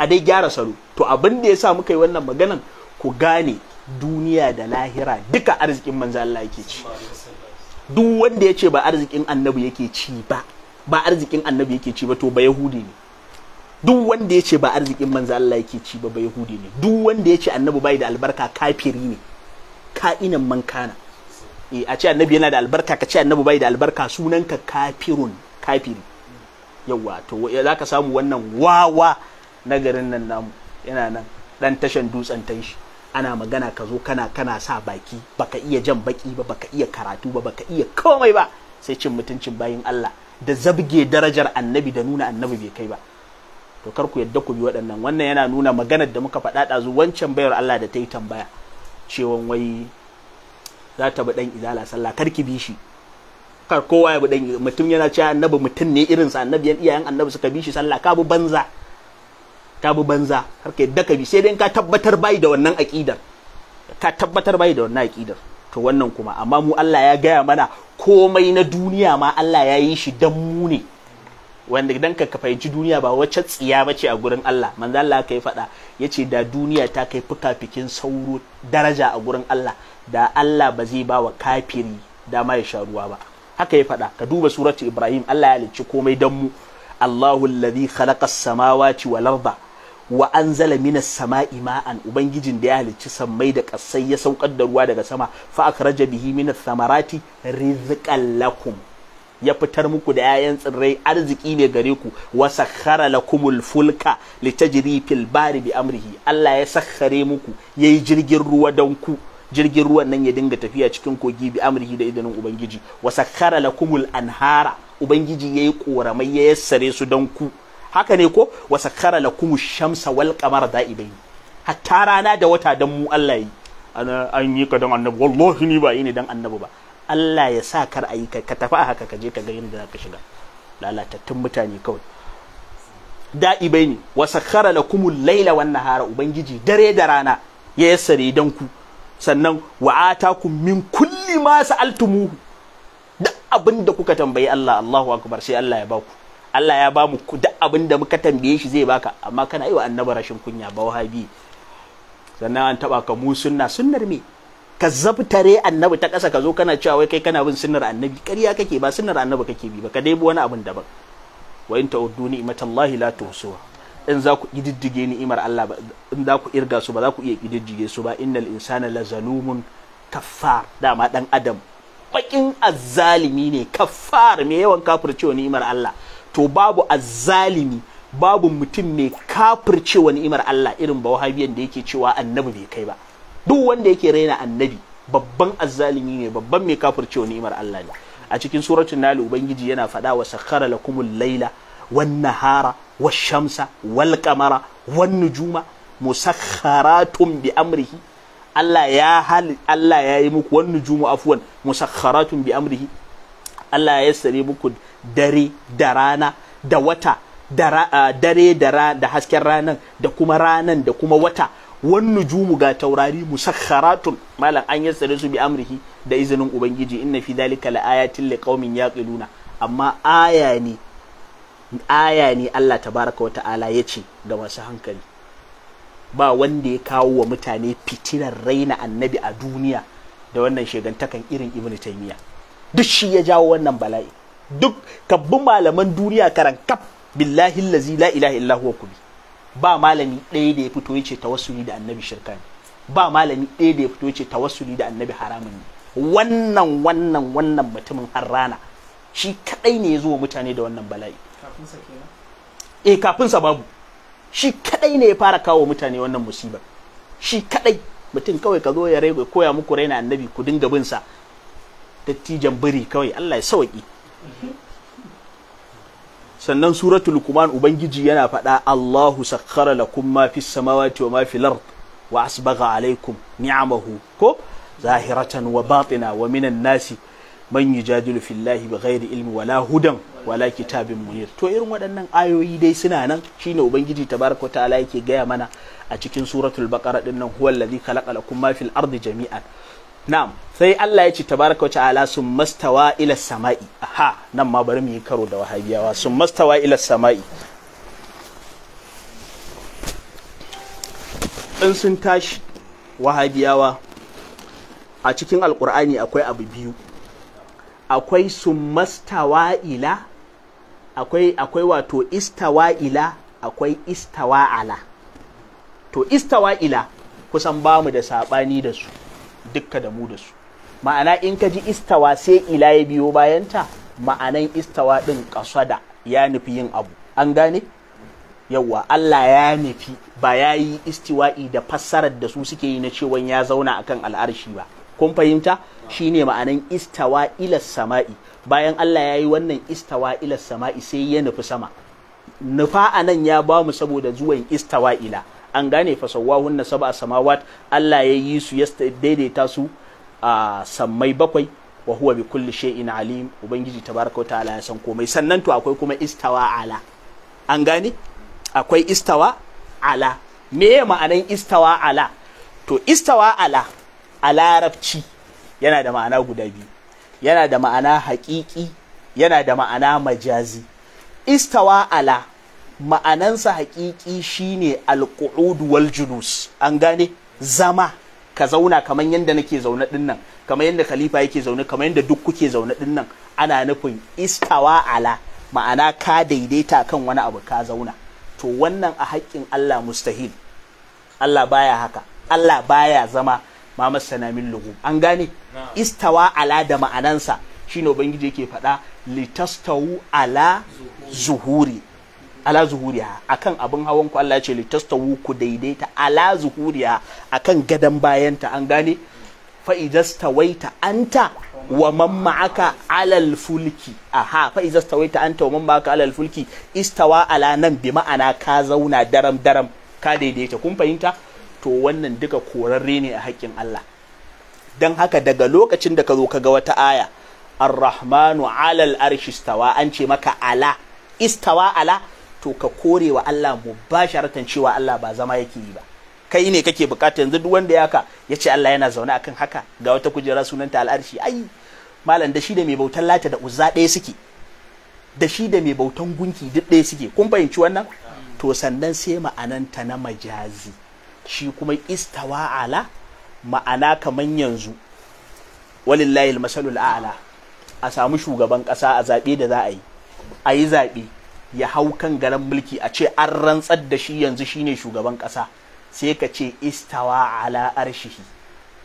a dai gyara salo to abin da ya sa muka yi wannan maganan ku gane duniya da lahira duka arzikin manzo Allah yake ci duk wanda ya ce ba arzikin annabi yake ci ba ba arzikin annabi yake ci ba to ba yahudi ne duk wanda ya ce ba arzikin manzo Allah yake ci ba yahudi ne duk wanda ya ce annabi bai da albarka kafiri ne ka'inan man kana e a ce annabi yana da albarka ka ce annabi bai da albarka sunanka kafirun kafiri yawa to za ka samu wannan wawa na garin nan namu yana nan dan tashan dutsen tanshi ana magana ka zo kana kana sa baki baka iya jan baki ba baka iya karatu ba baka iya komai ba sai cin mutuncin bayin Allah da zabge darajar annabi da nuna annabi bai kai ba to kar ku yadda ku bi waɗannan wannan yana nuna maganar da muka faɗa ɗazu wancan bayar Allah da ta yi tambaya cewan wai za ta bi ɗan izala sallah kar ki bi shi kar kowa ya bi ɗan mutum yana cewa annabi mutum ne irinsa annabi yan iyayen annabi suka bi shi sallah ka bi banza ka bi banza har ka yadda ka bi sai dai ka tabbatar bai da wannan aƙidar ka tabbatar bai da wannan aƙidar to wannan kuma amma mu Allah ya gaya mana komai na duniya ma Allah ya yi shi dan mu ne wanda dan ka fahimci duniya ba wacce tsiya bace a gurin Allah manzo Allah kai yi faɗa yace da duniya ta kai fikafikin sauro daraja a gurin Allah da Allah ba zai ba wa kafiri dama ya sha ruwa ba haka ya faɗa ka duba suratu Ibrahim Allah ya halicci komai dan mu Allahu alladhi khalaqa as-samawati wal arda wa anzala minas sama'i ma'an ubangijin da ya halicci sammai da kasai ya saukar da ruwa daga sama fa akhraja bihi minas samarati rizqan lakum ya fitar muku da 'ya'yan tsirrai arziki ne gare ku wa sakhara lakumul fulka litajri fil bari bi amrihi Allah ya sakhare muku yayi jirgin ruwa don ku jirgin ruwan nan ya dinga tafiya cikin kogi bi amrihi da idanun ubangiji wa sakhara lakumul anhara ubangiji yayi koramai ya yassare su don ku haka ne ko wa sakhara lakumush shamsa wal qamara da'ibain hatta rana da wata dan mu Allah yi an yi ka dan annabi wallahi ni ba yi ne dan annabi ba Allah ya sa kar a yi ka tafi a haka ka je ka ga yadda za ka shiga lalatattun mutane kawai da'ibai ne wa sakhara kuma laila wannan nahara ubangiji dare da rana ya yassare dan ku sannan wa atakum min kulli ma sa'altumu duk abin da kuka tambayi Allah Allahu akbar sai Allah ya baku Allah ya ba mu duk abin da muka tambaye shi zai baka amma kana yi wa annaba rashin kunya ba wahabi sannan an taba ka mu sunna sunnar me ka zabtare annabi ta ƙasa ka zo kana cewa wai kai kana bin sunnar annabi ƙarya kake ba sunnar annabi kake bi ba ka dai bi wani abin daban wa in ta'uddu ni'matallahi la tuhsuha in za ku kididdige ni'imar Allah ba in za ku irga su ba za ku iya kididdige su ba innal insana la zalumun kaffar dama dan adam bakin azzalimi ne kaffar me yawan kafircewa ni'imar Allah to babu azzalimi babu mutum mai kafircewa ni'imar Allah irin ba wahabiyan da yake cewa annabi bai kai ba duk wanda yake raina annabi babban azzalimi ne babban mai kafircewa ni'imar Allah ne a cikin suratul nal ubangiji yana faɗa wa sakhara lakumul laila wan nahara wash-shamsa wal qamara wan nujuma musakharatun bi amrihi Allah ya hal Allah ya yi muku wan nujumu afwan musakharatun bi amrihi Allah ya yassare muku dare da rana da wata dare da da hasken ranan da kuma ranan da kuma wata wan nujumu ga taurari musakharatun malam an yassare su bi amrihi da izinin ubangiji inna fi dhalika laayatin liqaumin yaqiluna amma aya ne aya ne Allah tabaraka wa ta'ala ya ce ga masu hankali ba wanda ya kawo wa mutane fitilar raina annabi a duniya da wannan shegantakan irin ibn taymiya duk shi ya jawo wannan bala'i duk kabbin malaman duniya karan kaf billahi allazi la ilaha illa huwa kubi ba malami ɗaya da ya fito ya ce tawassuli da annabi shirka ne ba malami ɗaya da ya fito ya ce tawassuli da annabi haramun ne wannan wannan wannan mutumin har rana shi kadai ne ya zo wa mutane da wannan bala'i eh sa babu shi kadai ne ya fara kawo mutane wannan musibar shi kadai mutum kawai ka zo ya rai koya muku raina annabi ku dinga bin sa dattijan biri kawai Allah ya sauki sannan suratul kuman ubangiji yana faɗa Allahu sakkara lakum ma fi samawati wa ma wa asbagha alaikum ni'amahu ko zahiratan wa batina wa minan nasi man yujadilu fillahi bighairi ilmi wala hudan wala kitabin munir to irin waɗannan ayoyi dai suna nan shine ubangiji tabaraka ta'ala yake gaya mana a cikin suratul baqara din nan huwallazi khalaqa lakum ma fil ardi jami'an na'am sai Allah ya ce tabaraka wa ta'ala sun mastawa ila sama'i aha nan ma bari mu yi karo da wahabiyawa sun mastawa ila sama'i in sun tashi wahabiyawa a cikin alkur'ani akwai abu biyu akwai sun mastawa ila akwai akwai wato istawa ila akwai istawa ala to istawa ila kusan bamu da saɓani da su dukka da mu da su ma'ana in ka ji istawa sai ila ya biyo bayanta ma'anan istawa din kasada ya nufi yin abu an gane yawwa Allah ya nufi ba ya yi istiwa'i da fassarar da su suke yi na cewa ya zauna akan al'arshi ba kun fahimta shine ma'anan istawa ila sama'i bayan Allah ya yi wannan istawa ila sama'i sai ya nufi sama nufa anan ya bamu saboda zuwan istawa ila an gane na sab'a samawat Allah ya yi su ya daidaita su a sammai bakwai wa huwa bi kulli shay'in alim ubangiji tabaraka ta'ala ya san komai sannan to akwai kuma istawa ala an gane akwai istawa ala me ma'anan istawa ala to istawa ala a larabci yana da ma'ana guda biyu yana da ma'ana haƙiƙi yana da ma'ana majazi istawa ala ma'anansa haƙiƙi shine alƙudu wal julus an gane zama ka zauna kamar yadda nake zaune dinnan kamar yadda khalifa yake zaune kamar yadda duk kuke zaune dinnan ana nufin istawa ala ma'ana ka daidaita kan wani abu ka zauna to wannan a haƙƙin Allah mustahil Allah baya haka Allah baya zama ma masanamin lugu an gane istawa ala da ma'anansa shine ubangiji yake faɗa litastawu ala zuhuri ala zuhuriya akan abin hawan ku Allah ce litastawu ku daidaita ala zuhuriya akan gadan bayanta an gane fa idastawaita anta wa man ma'aka alal fulki aha fa idastawaita anta wa man ma'aka alal fulki istawa ala nan bi ma'ana ka zauna daram daram ka daidaita kun fahimta to wannan duka korarre ne a haƙƙin Allah dan haka daga lokacin da ka zo ka ga wata aya arrahmanu rahmanu alal arshi istawa an ce maka ala istawa ala to ka kore wa Allah mu ba sharatan cewa Allah ba zama yake yi ba kai ne kake bukata yanzu duk wanda ya ka ya ce Allah yana zaune akan haka ga wata kujera sunanta al'arshi ai malam da shi da mai bautan lata da uzza ɗaya suke da shi da mai bautan gunki duk ɗaya suke kun fahimci wannan to sannan sai ma'ananta na majazi shi kuma istawa ala ma'ana kaman yanzu walillahi almasalul a'la a samu shugaban kasa a zaɓe da za a yi a yi zaɓe ya hau kan garan mulki a ce an rantsar da shi yanzu shine shugaban kasa sai ka ce istawa ala arshihi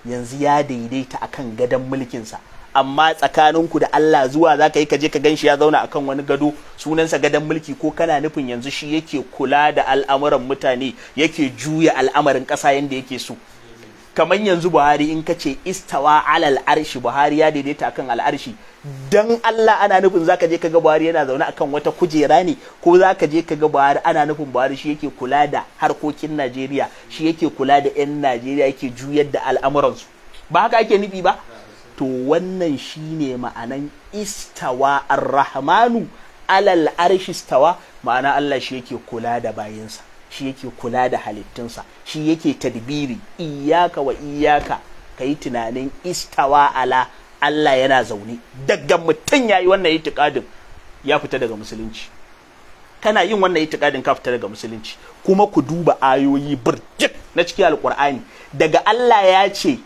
yanzu ya daidaita akan gadon mulkinsa amma tsakanin ku da Allah zuwa zaka yi ka je ka gan shi ya zauna akan wani gado sunansa gadon mulki ko kana nufin yanzu shi yake kula da al'amuran mutane yake juya al'amarin ƙasa yadda yake so kamar yanzu buhari in ka ce istawa alal arshi buhari ya daidaita akan al'arshi dan Allah ana nufin zaka je kaga buhari yana zaune akan wata kujera ne ko zaka je kaga buhari ana nufin buhari shi yake kula da harkokin Najeriya shi yake kula da 'yan Najeriya yake juyar da al'amuransu ba haka ake nufi ba to wannan shine ma'anan istawa arraHmanu alal arshi istawa ma'ana Allah shi yake kula da bayinsa shi yake kula da halittunsa shi yake tadbiri iyaka wa iyaka ka yi tunanin istawa ala Allah yana zaune daga mutum ya yi wannan itikadin ya fita daga musulunci kana yin wannan itikadin ka fita daga musulunci kuma ku duba ayoyi birjik na cikin alkur'ani daga Allah ya ce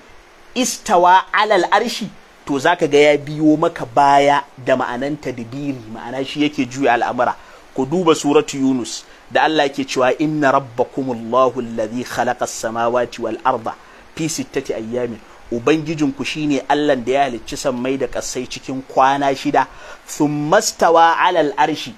istawa alal arshi to zaka ga ya biyo maka baya da ma'anan tadbiri ma'ana shi yake juya al'amura ku duba suratu yunus da Allah ke cewa inna rabbakumullahu alladhi khalaqa as-samawati wal arda fi sittati ayyamin ubangijinku shine Allah da ya halicci sammai da kasai cikin kwana shida thumma stawa alal arshi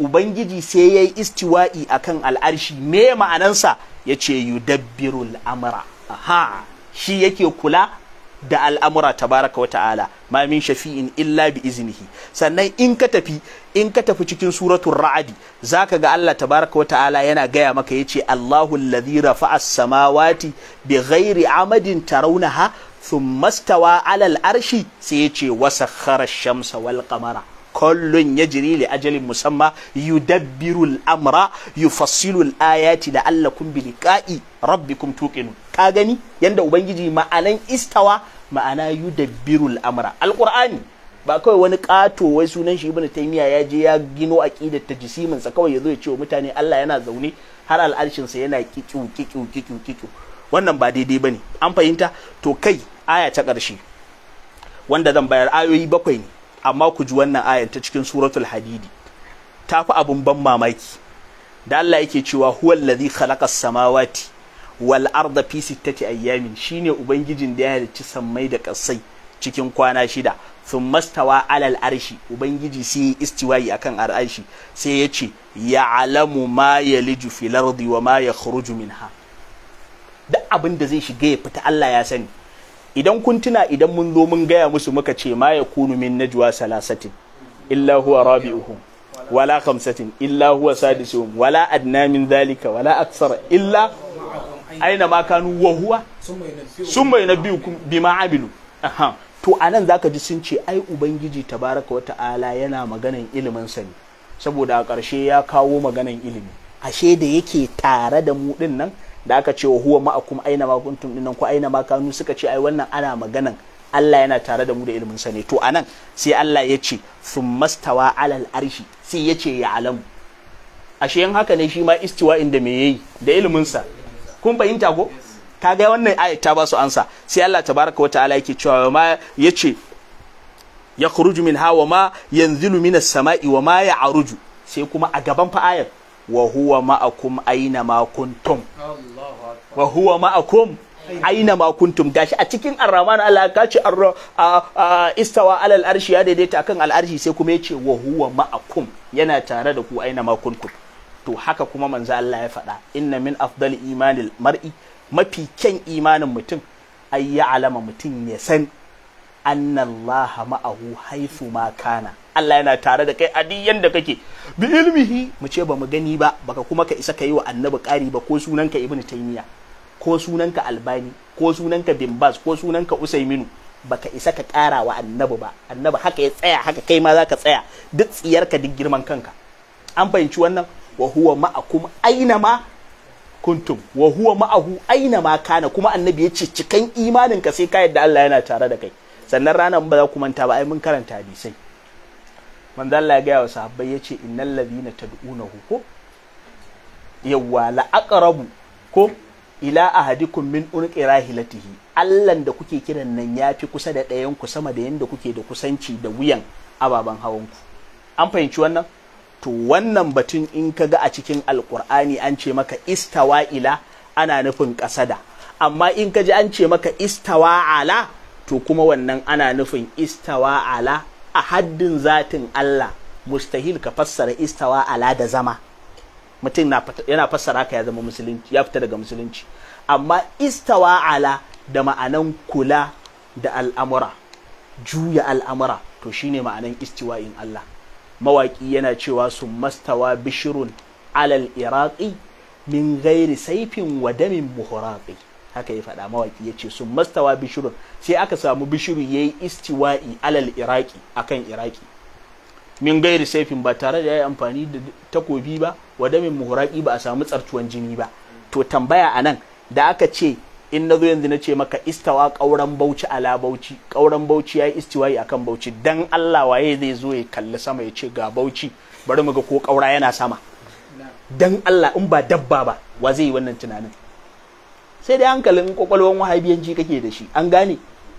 ubangiji sai yayi istiwa'i akan al'arshi me ma'anansa yace yudabbirul amra aha shi yake kula da al'amura tabaraka wa ta'ala ma min shafi'in illa bi iznihi sannan in ka tafi in ka tafi cikin suratul ra'adi zaka ga Allah tabaraka wa ta'ala yana gaya maka yace Allahu alladhi rafa'a as-samawati bi ghairi amadin tarawnaha thumma stawa 'ala al-arshi sai yace wasakhara ash-shamsa wal qamara kullun yajri li ajalin musamma yudabbiru al-amra yufassilu al-ayati la'allakum bi liqa'i rabbikum tuqinun ka gani yanda ubangiji ma'anan istawa ma'ana yudabbirul amra alqur'ani ba kawai wani kato wai sunan shi ibnu taymiya ya je ya gino aqidat tajsimin sa kawai yazo ya ce wa mutane Allah yana zaune har al'arshin sa yana kikiu kikiu wannan ba daidai bane an fahimta to kai aya ta ƙarshe wanda zan bayar ayoyi bakwai ne amma ku ji wannan ayar ta cikin suratul hadidi ta fi abin ban mamaki da Allah yake cewa huwallazi khalaqa samawati wal arda fi sittati ayyamin shine ubangijin da ya halicci sammai da kasai cikin kwana shida sun mastawa alal arshi ubangiji sai ya istiwayi akan arshi sai ya ce ya alamu ma ya fil ardi wa ma ya minha duk abin da zai shiga ya fita Allah ya sani idan kun tuna idan mun zo mun gaya musu muka ce ma ya kunu min najwa salasatin illa huwa rabi'uhum wala khamsatin illa huwa sadisuhum wala adna min dhalika wala aksara illa aina ma kanu wa sun mai na biyu bi ma abinu to a anan zaka ji sun ce ai ubangiji tabaraka wata ala yana maganan ilimin sa ne saboda a ƙarshe ya kawo maganan ilimi ashe da yake tare da mu din nan da aka ce wa huwa ma'akum aina ma kuntum din nan ko aina ma kanu suka ce ai wannan ana maganan Allah yana tare da mu da ilimin sa ne to anan sai Allah ya ce summastawa alal arshi sai ya ce ya alamu ashe yan haka ne shi ma istiwa inda me yayi da ilimin sa kun fahimta ko kaga wannan ayat ta ba su ansa sai Allah tabaraka wataala yake cewa ma yace ya khuruju min hawa ma yanzilu as sama'i wa ma ya'ruju sai kuma a gaban fa ayat wa huwa ma'akum aina ma kuntum wa huwa ma'akum aina ma kuntum gashi a cikin arraman Allah ka ce istawa alal arshi ya daidaita al al'arshi sai kuma yace wa huwa ma'akum yana tare da ku aina ma kuntum to haka kuma manzo Allah ya faɗa inna min afdal imanil mar'i mafi kyan imanin mutum ay ya alama mutum ya san annallaha ma'ahu haifu ma kana Allah yana tare da kai a duk yanda kake bi ilmihi mu ce ba mu gani ba baka kuma ka isa ka yi wa annabi kari ba ko sunanka ibnu taymiya ko sunanka albani ko sunanka bimbas ko sunanka usaiminu baka isa ka ƙara wa annabi ba annabi haka ya tsaya haka kai ma zaka tsaya duk tsiyarka duk girman kanka an fahimci wannan wa huwa ma'akum aina ma kuntum wa huwa ma'ahu aina ma kana kuma annabi yace cikan imanin ka sai ka yadda Allah yana tare da kai sannan ranar ba za ku manta ba ai mun karanta hadisai manzo Allah ya ga wa sahabbai yace innal ladina tad'unahu ko yawwa la aqrabu ko ila ahadikum min unqi rahilatihi Allahn da kuke kiran nan ya fi kusa da ɗayan ku sama da yanda kuke da kusanci da wuyan ababen hawanku an fahimci wannan to wannan batun in ka ga a cikin alkur'ani an ce maka istawa ila ana nufin kasada amma in ka ji an ce maka istawa ala to kuma wannan ana nufin istawa ala a haddin zatin Allah mustahil ka fassara istawa ala da zama mutum yana fassara ka ya zama musulunci ya fita daga musulunci amma istawa ala da ma'anan kula da al'amura juya al'amura to shine ma'anan istiwa'in Allah mawaƙi yana cewa su mastawa bishirun alal iraqi min gairi saifin wa damin haka ya faɗa mawaƙi ya ce su mastawa bishirun sai aka samu bishiru ya yi istiwa'i alal iraqi akan iraqi min gairi saifin ba tare da ya yi amfani da takobi ba wadamin damin ba a samu tsartuwan jini ba to tambaya a nan da aka ce in na zo yanzu na ce maka istawa ƙauran bauchi ala bauchi ƙauren bauchi ya yi istiwayi a bauchi dan Allah waye zai zo ya kalli sama ya ce ga bauchi bari mu ga ko ƙaura yana sama dan Allah in ba dabba ba wa zai yi wannan tunanin sai dai hankalin kwakwalwan wahabiyanci kake da shi an gane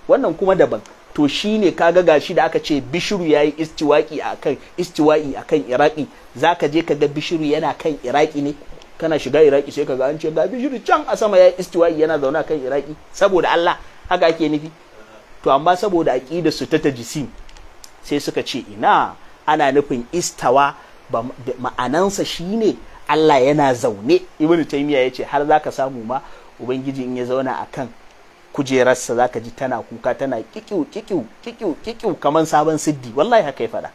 wannan kuma daban to shi shine kaga gashi da aka ce bishiru yayi istiwaki akan istiwa'i akan iraki zaka je ka ga bishiru yana kan iraki ne kana shiga iraki sai kaga an ce ga bishiri can a sama ya istiwa'i yana zaune kan iraki saboda Allah haka ake nufi to amma saboda aqidar su ta tajisim sai suka ce ina ana nufin istawa ma'anansa shine Allah yana zaune ibnu ya ce har zaka samu ma ubangiji in ya zauna akan kujerarsa zaka ji tana kuka tana kikiu kikiu kikiu kikiu kaman sabon siddi wallahi haka ya faɗa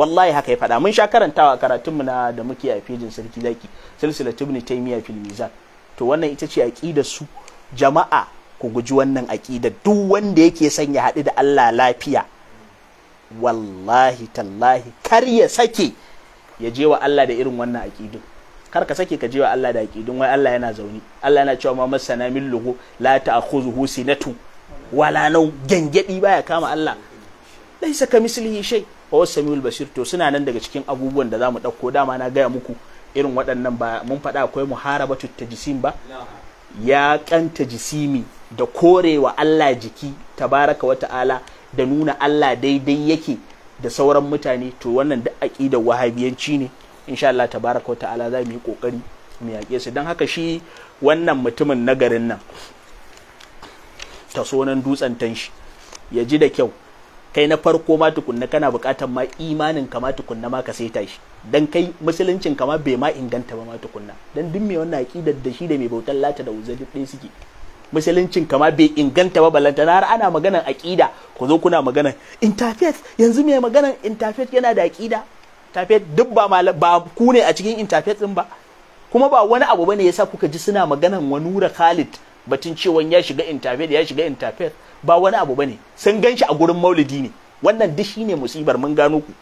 wallahi haka ya faɗa mun sha karantawa karatunmu na da muke a fejin sarki zaki silsila tibni taimiya fil mizan to wannan ita ce aqida su jama'a ku guji wannan aqida duk wanda yake son ya haɗu da Allah lafiya wallahi tallahi kar ya sake ya je wa Allah da irin wannan aqidun kar ka sake ka je wa Allah da aqidun wai Allah yana zaune Allah yana cewa ma masana min lugu la ta'khuzuhu sinatu wala nau gengedi baya kama Allah laisa ka mislihi shay o samiul bashir to suna nan daga cikin abubuwan da za mu ɗauko dama na gaya muku irin waɗannan ba mun faɗa akwai muharaba tajisim ba ya kanta jisimi da korewa Allah jiki tabaraka wa ta'ala da nuna Allah daidai yake da sauran mutane to wannan duk aqidar wahabiyanci ne insha Allah tabaraka wa ta'ala za mu yi kokari mu yaƙe su don haka shi wannan mutumin nagarin nan ta sonan dutsen tanshi ya ji da kyau kai na farko ma tukunna kana buƙatar ma imanin ka ma tukunna ma ka saita shi dan kai musuluncin ka ma bai ma inganta ba ma tukunna dan duk mai wannan aqidar da shi da mai bautar lata da uzuri ɗaya suke musuluncin kama bai inganta ba balanta har ana maganan aƙida ku zo kuna magana interfaith yanzu mai magana interfaith yana da aƙida interfaith duk ba ba ku ne a cikin interfaith din ba kuma ba wani abu bane yasa kuka ji suna maganan nura Khalid batun cewa ya shiga interfaith ya shiga interfaith ba wani abu bane sun ganshi a gurin maulidi ne wannan duk shine musibar mun gano ku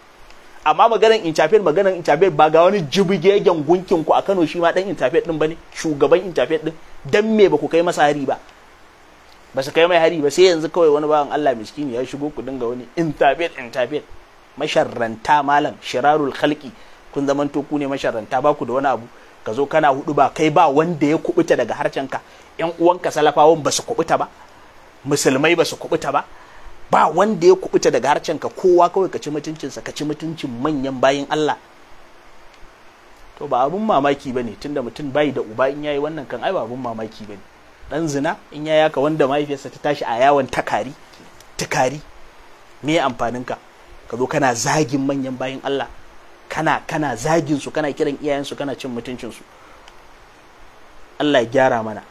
amma maganar interfaith maganar interfaith ba ga wani jibigegen gunkin ku a Kano shi ma dan interfaith din bane shugaban interfaith din dan me ba ku kai masa hari ba ba su kai mai hari ba sai yanzu kawai wani bawan Allah miskini ya shigo ku dinga wani interfaith interfaith masharranta malam shirarul khalqi kun zamanto ku ne masharranta ba ku da wani abu ka zo kana hudu ba kai ba wanda ya kubuta daga ka. yan uwanka salafawan ba su kubuta ba musulmai ba su kubuta ba ba wanda ya kubuta daga ka kowa kawai ka ci mutuncinsa ka ci mutuncin manyan bayin Allah to ba abun mamaki bane tunda mutum bai da uba in yayi wannan kan ai ba abun mamaki bane dan zina in yayi haka wanda mahaifiyarsa ta tashi a yawon takari takari me amfanin ka ka zo kana zagin manyan bayin Allah kana kana zagin su kana kiran iyayen su kana cin mutuncin su Allah ya gyara mana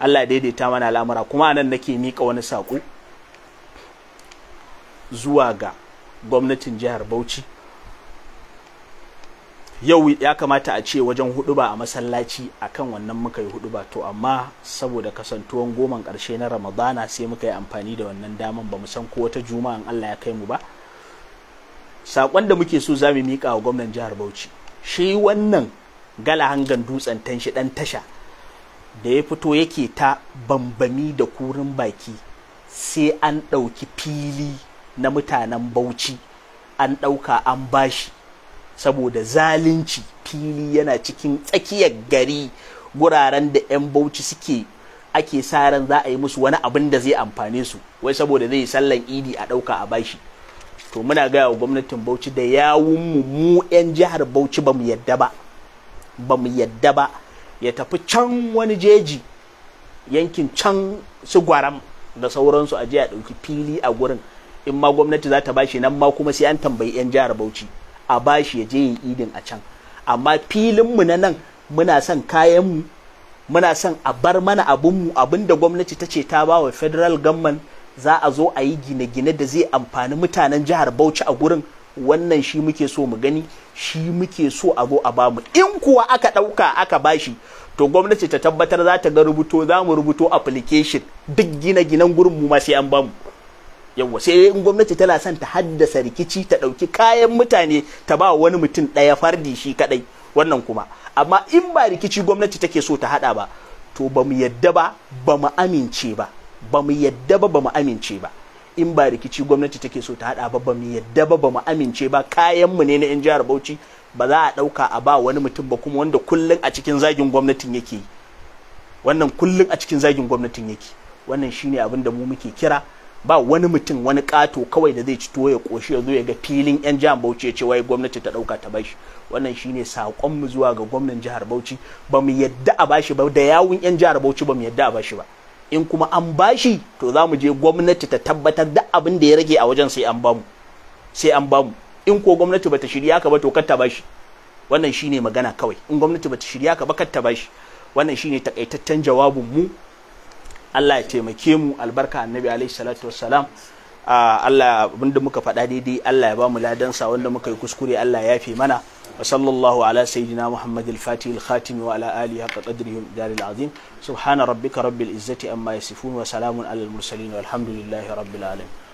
Allah daidaita mana al'amura kuma nan nake mika wani sako zuwa ga gwamnatin jihar Bauchi yau ya kamata a ce wajen huduba a masallaci akan wannan muka yi huduba to amma saboda kasantuwan goman karshe na ramadana sai muka yi amfani da wannan daman ba mu san ko wata juma'a in Allah ya kai mu ba sakon da muke so zamu mika wa gwamnan jihar Bauchi shi wannan gala hangan dutsen tanshi dan tasha da ya fito yake ta bambami da kurin baki sai an ɗauki fili na mutanen bauchi an ɗauka an bashi saboda zalunci fili yana cikin tsakiyar gari guraren da 'yan bauchi suke ake sa ran za a yi musu wani abin da zai amfane su wai saboda zai sallan idi a ɗauka a bashi to muna gaya wa gwamnatin bauchi da yawunmu mu mu 'yan jihar bauchi ba mu yadda ba ba mu yadda ba ya tafi can wani jeji yankin can su gwaram da sauransu a jiya ɗauki fili a gurin in ma gwamnati za ta bashi nan ma kuma sai an tambayi 'yan jihar bauchi a bashi ya je yi idin a can amma filinmu na nan muna son kayanmu muna son a bar mana abinmu abin da gwamnati ta ce ta ba wa federal government za a zo a yi gine-gine da zai amfani mutanen jihar bauchi a gurin wannan shi muke so mu gani shi muke so a zo a bamu in kuwa aka ɗauka aka bashi to gwamnati ta tabbatar za ta ga rubuto za mu rubuto application duk gina ginan gurin mu ma sai an bamu yawwa sai in gwamnati tana son ta haddasa rikici ta ɗauki kayan mutane ta ba wani mutum ɗaya fardi shi kaɗai wannan kuma amma in ba rikici gwamnati take so ta haɗa ba to ba mu yadda ba ba mu amince ba ba mu yadda ba ba mu amince ba in ba rikici gwamnati take so ta hada ba ba mu yadda ba ba mu amince ba kayan mu ne na yan jihar Bauchi ba za a dauka a ba wani mutum ba kuma wanda kullun a cikin zagin gwamnatin yake wannan kullun a cikin zagin gwamnatin yake wannan shine abin da mu muke kira ba wani mutum wani kato kawai da zai ci tuwo ya koshi ya zo ya ga filin yan jihar Bauchi ya ce wai gwamnati ta dauka ta bashi wannan shine sakon mu zuwa ga gwamnan jihar Bauchi ba mu yadda a bashi ba da yawun yan jihar Bauchi ba mu yadda a bashi ba in kuma an bashi to za mu je gwamnati ta tabbatar da abin da ya rage a wajen sai an bamu sai an bamu in ko gwamnati bata shirya ka ba to kar ta bashi wannan shine magana kawai in gwamnati bata shirya ka ba kar ta bashi wannan shine takaitaccen jawabin mu Allah ya taimake mu albarka annabi alaihi salatu wassalam ah, Allah abinda muka faɗa daidai Allah ya bamu mu ladansa wanda muka yi kuskure Allah ya fi mana وصلى الله على سيدنا محمد الفاتح الخاتم وعلى آله حق قدره دار العظيم سبحان ربك رب العزة أما يصفون وسلام على المرسلين والحمد لله رب العالمين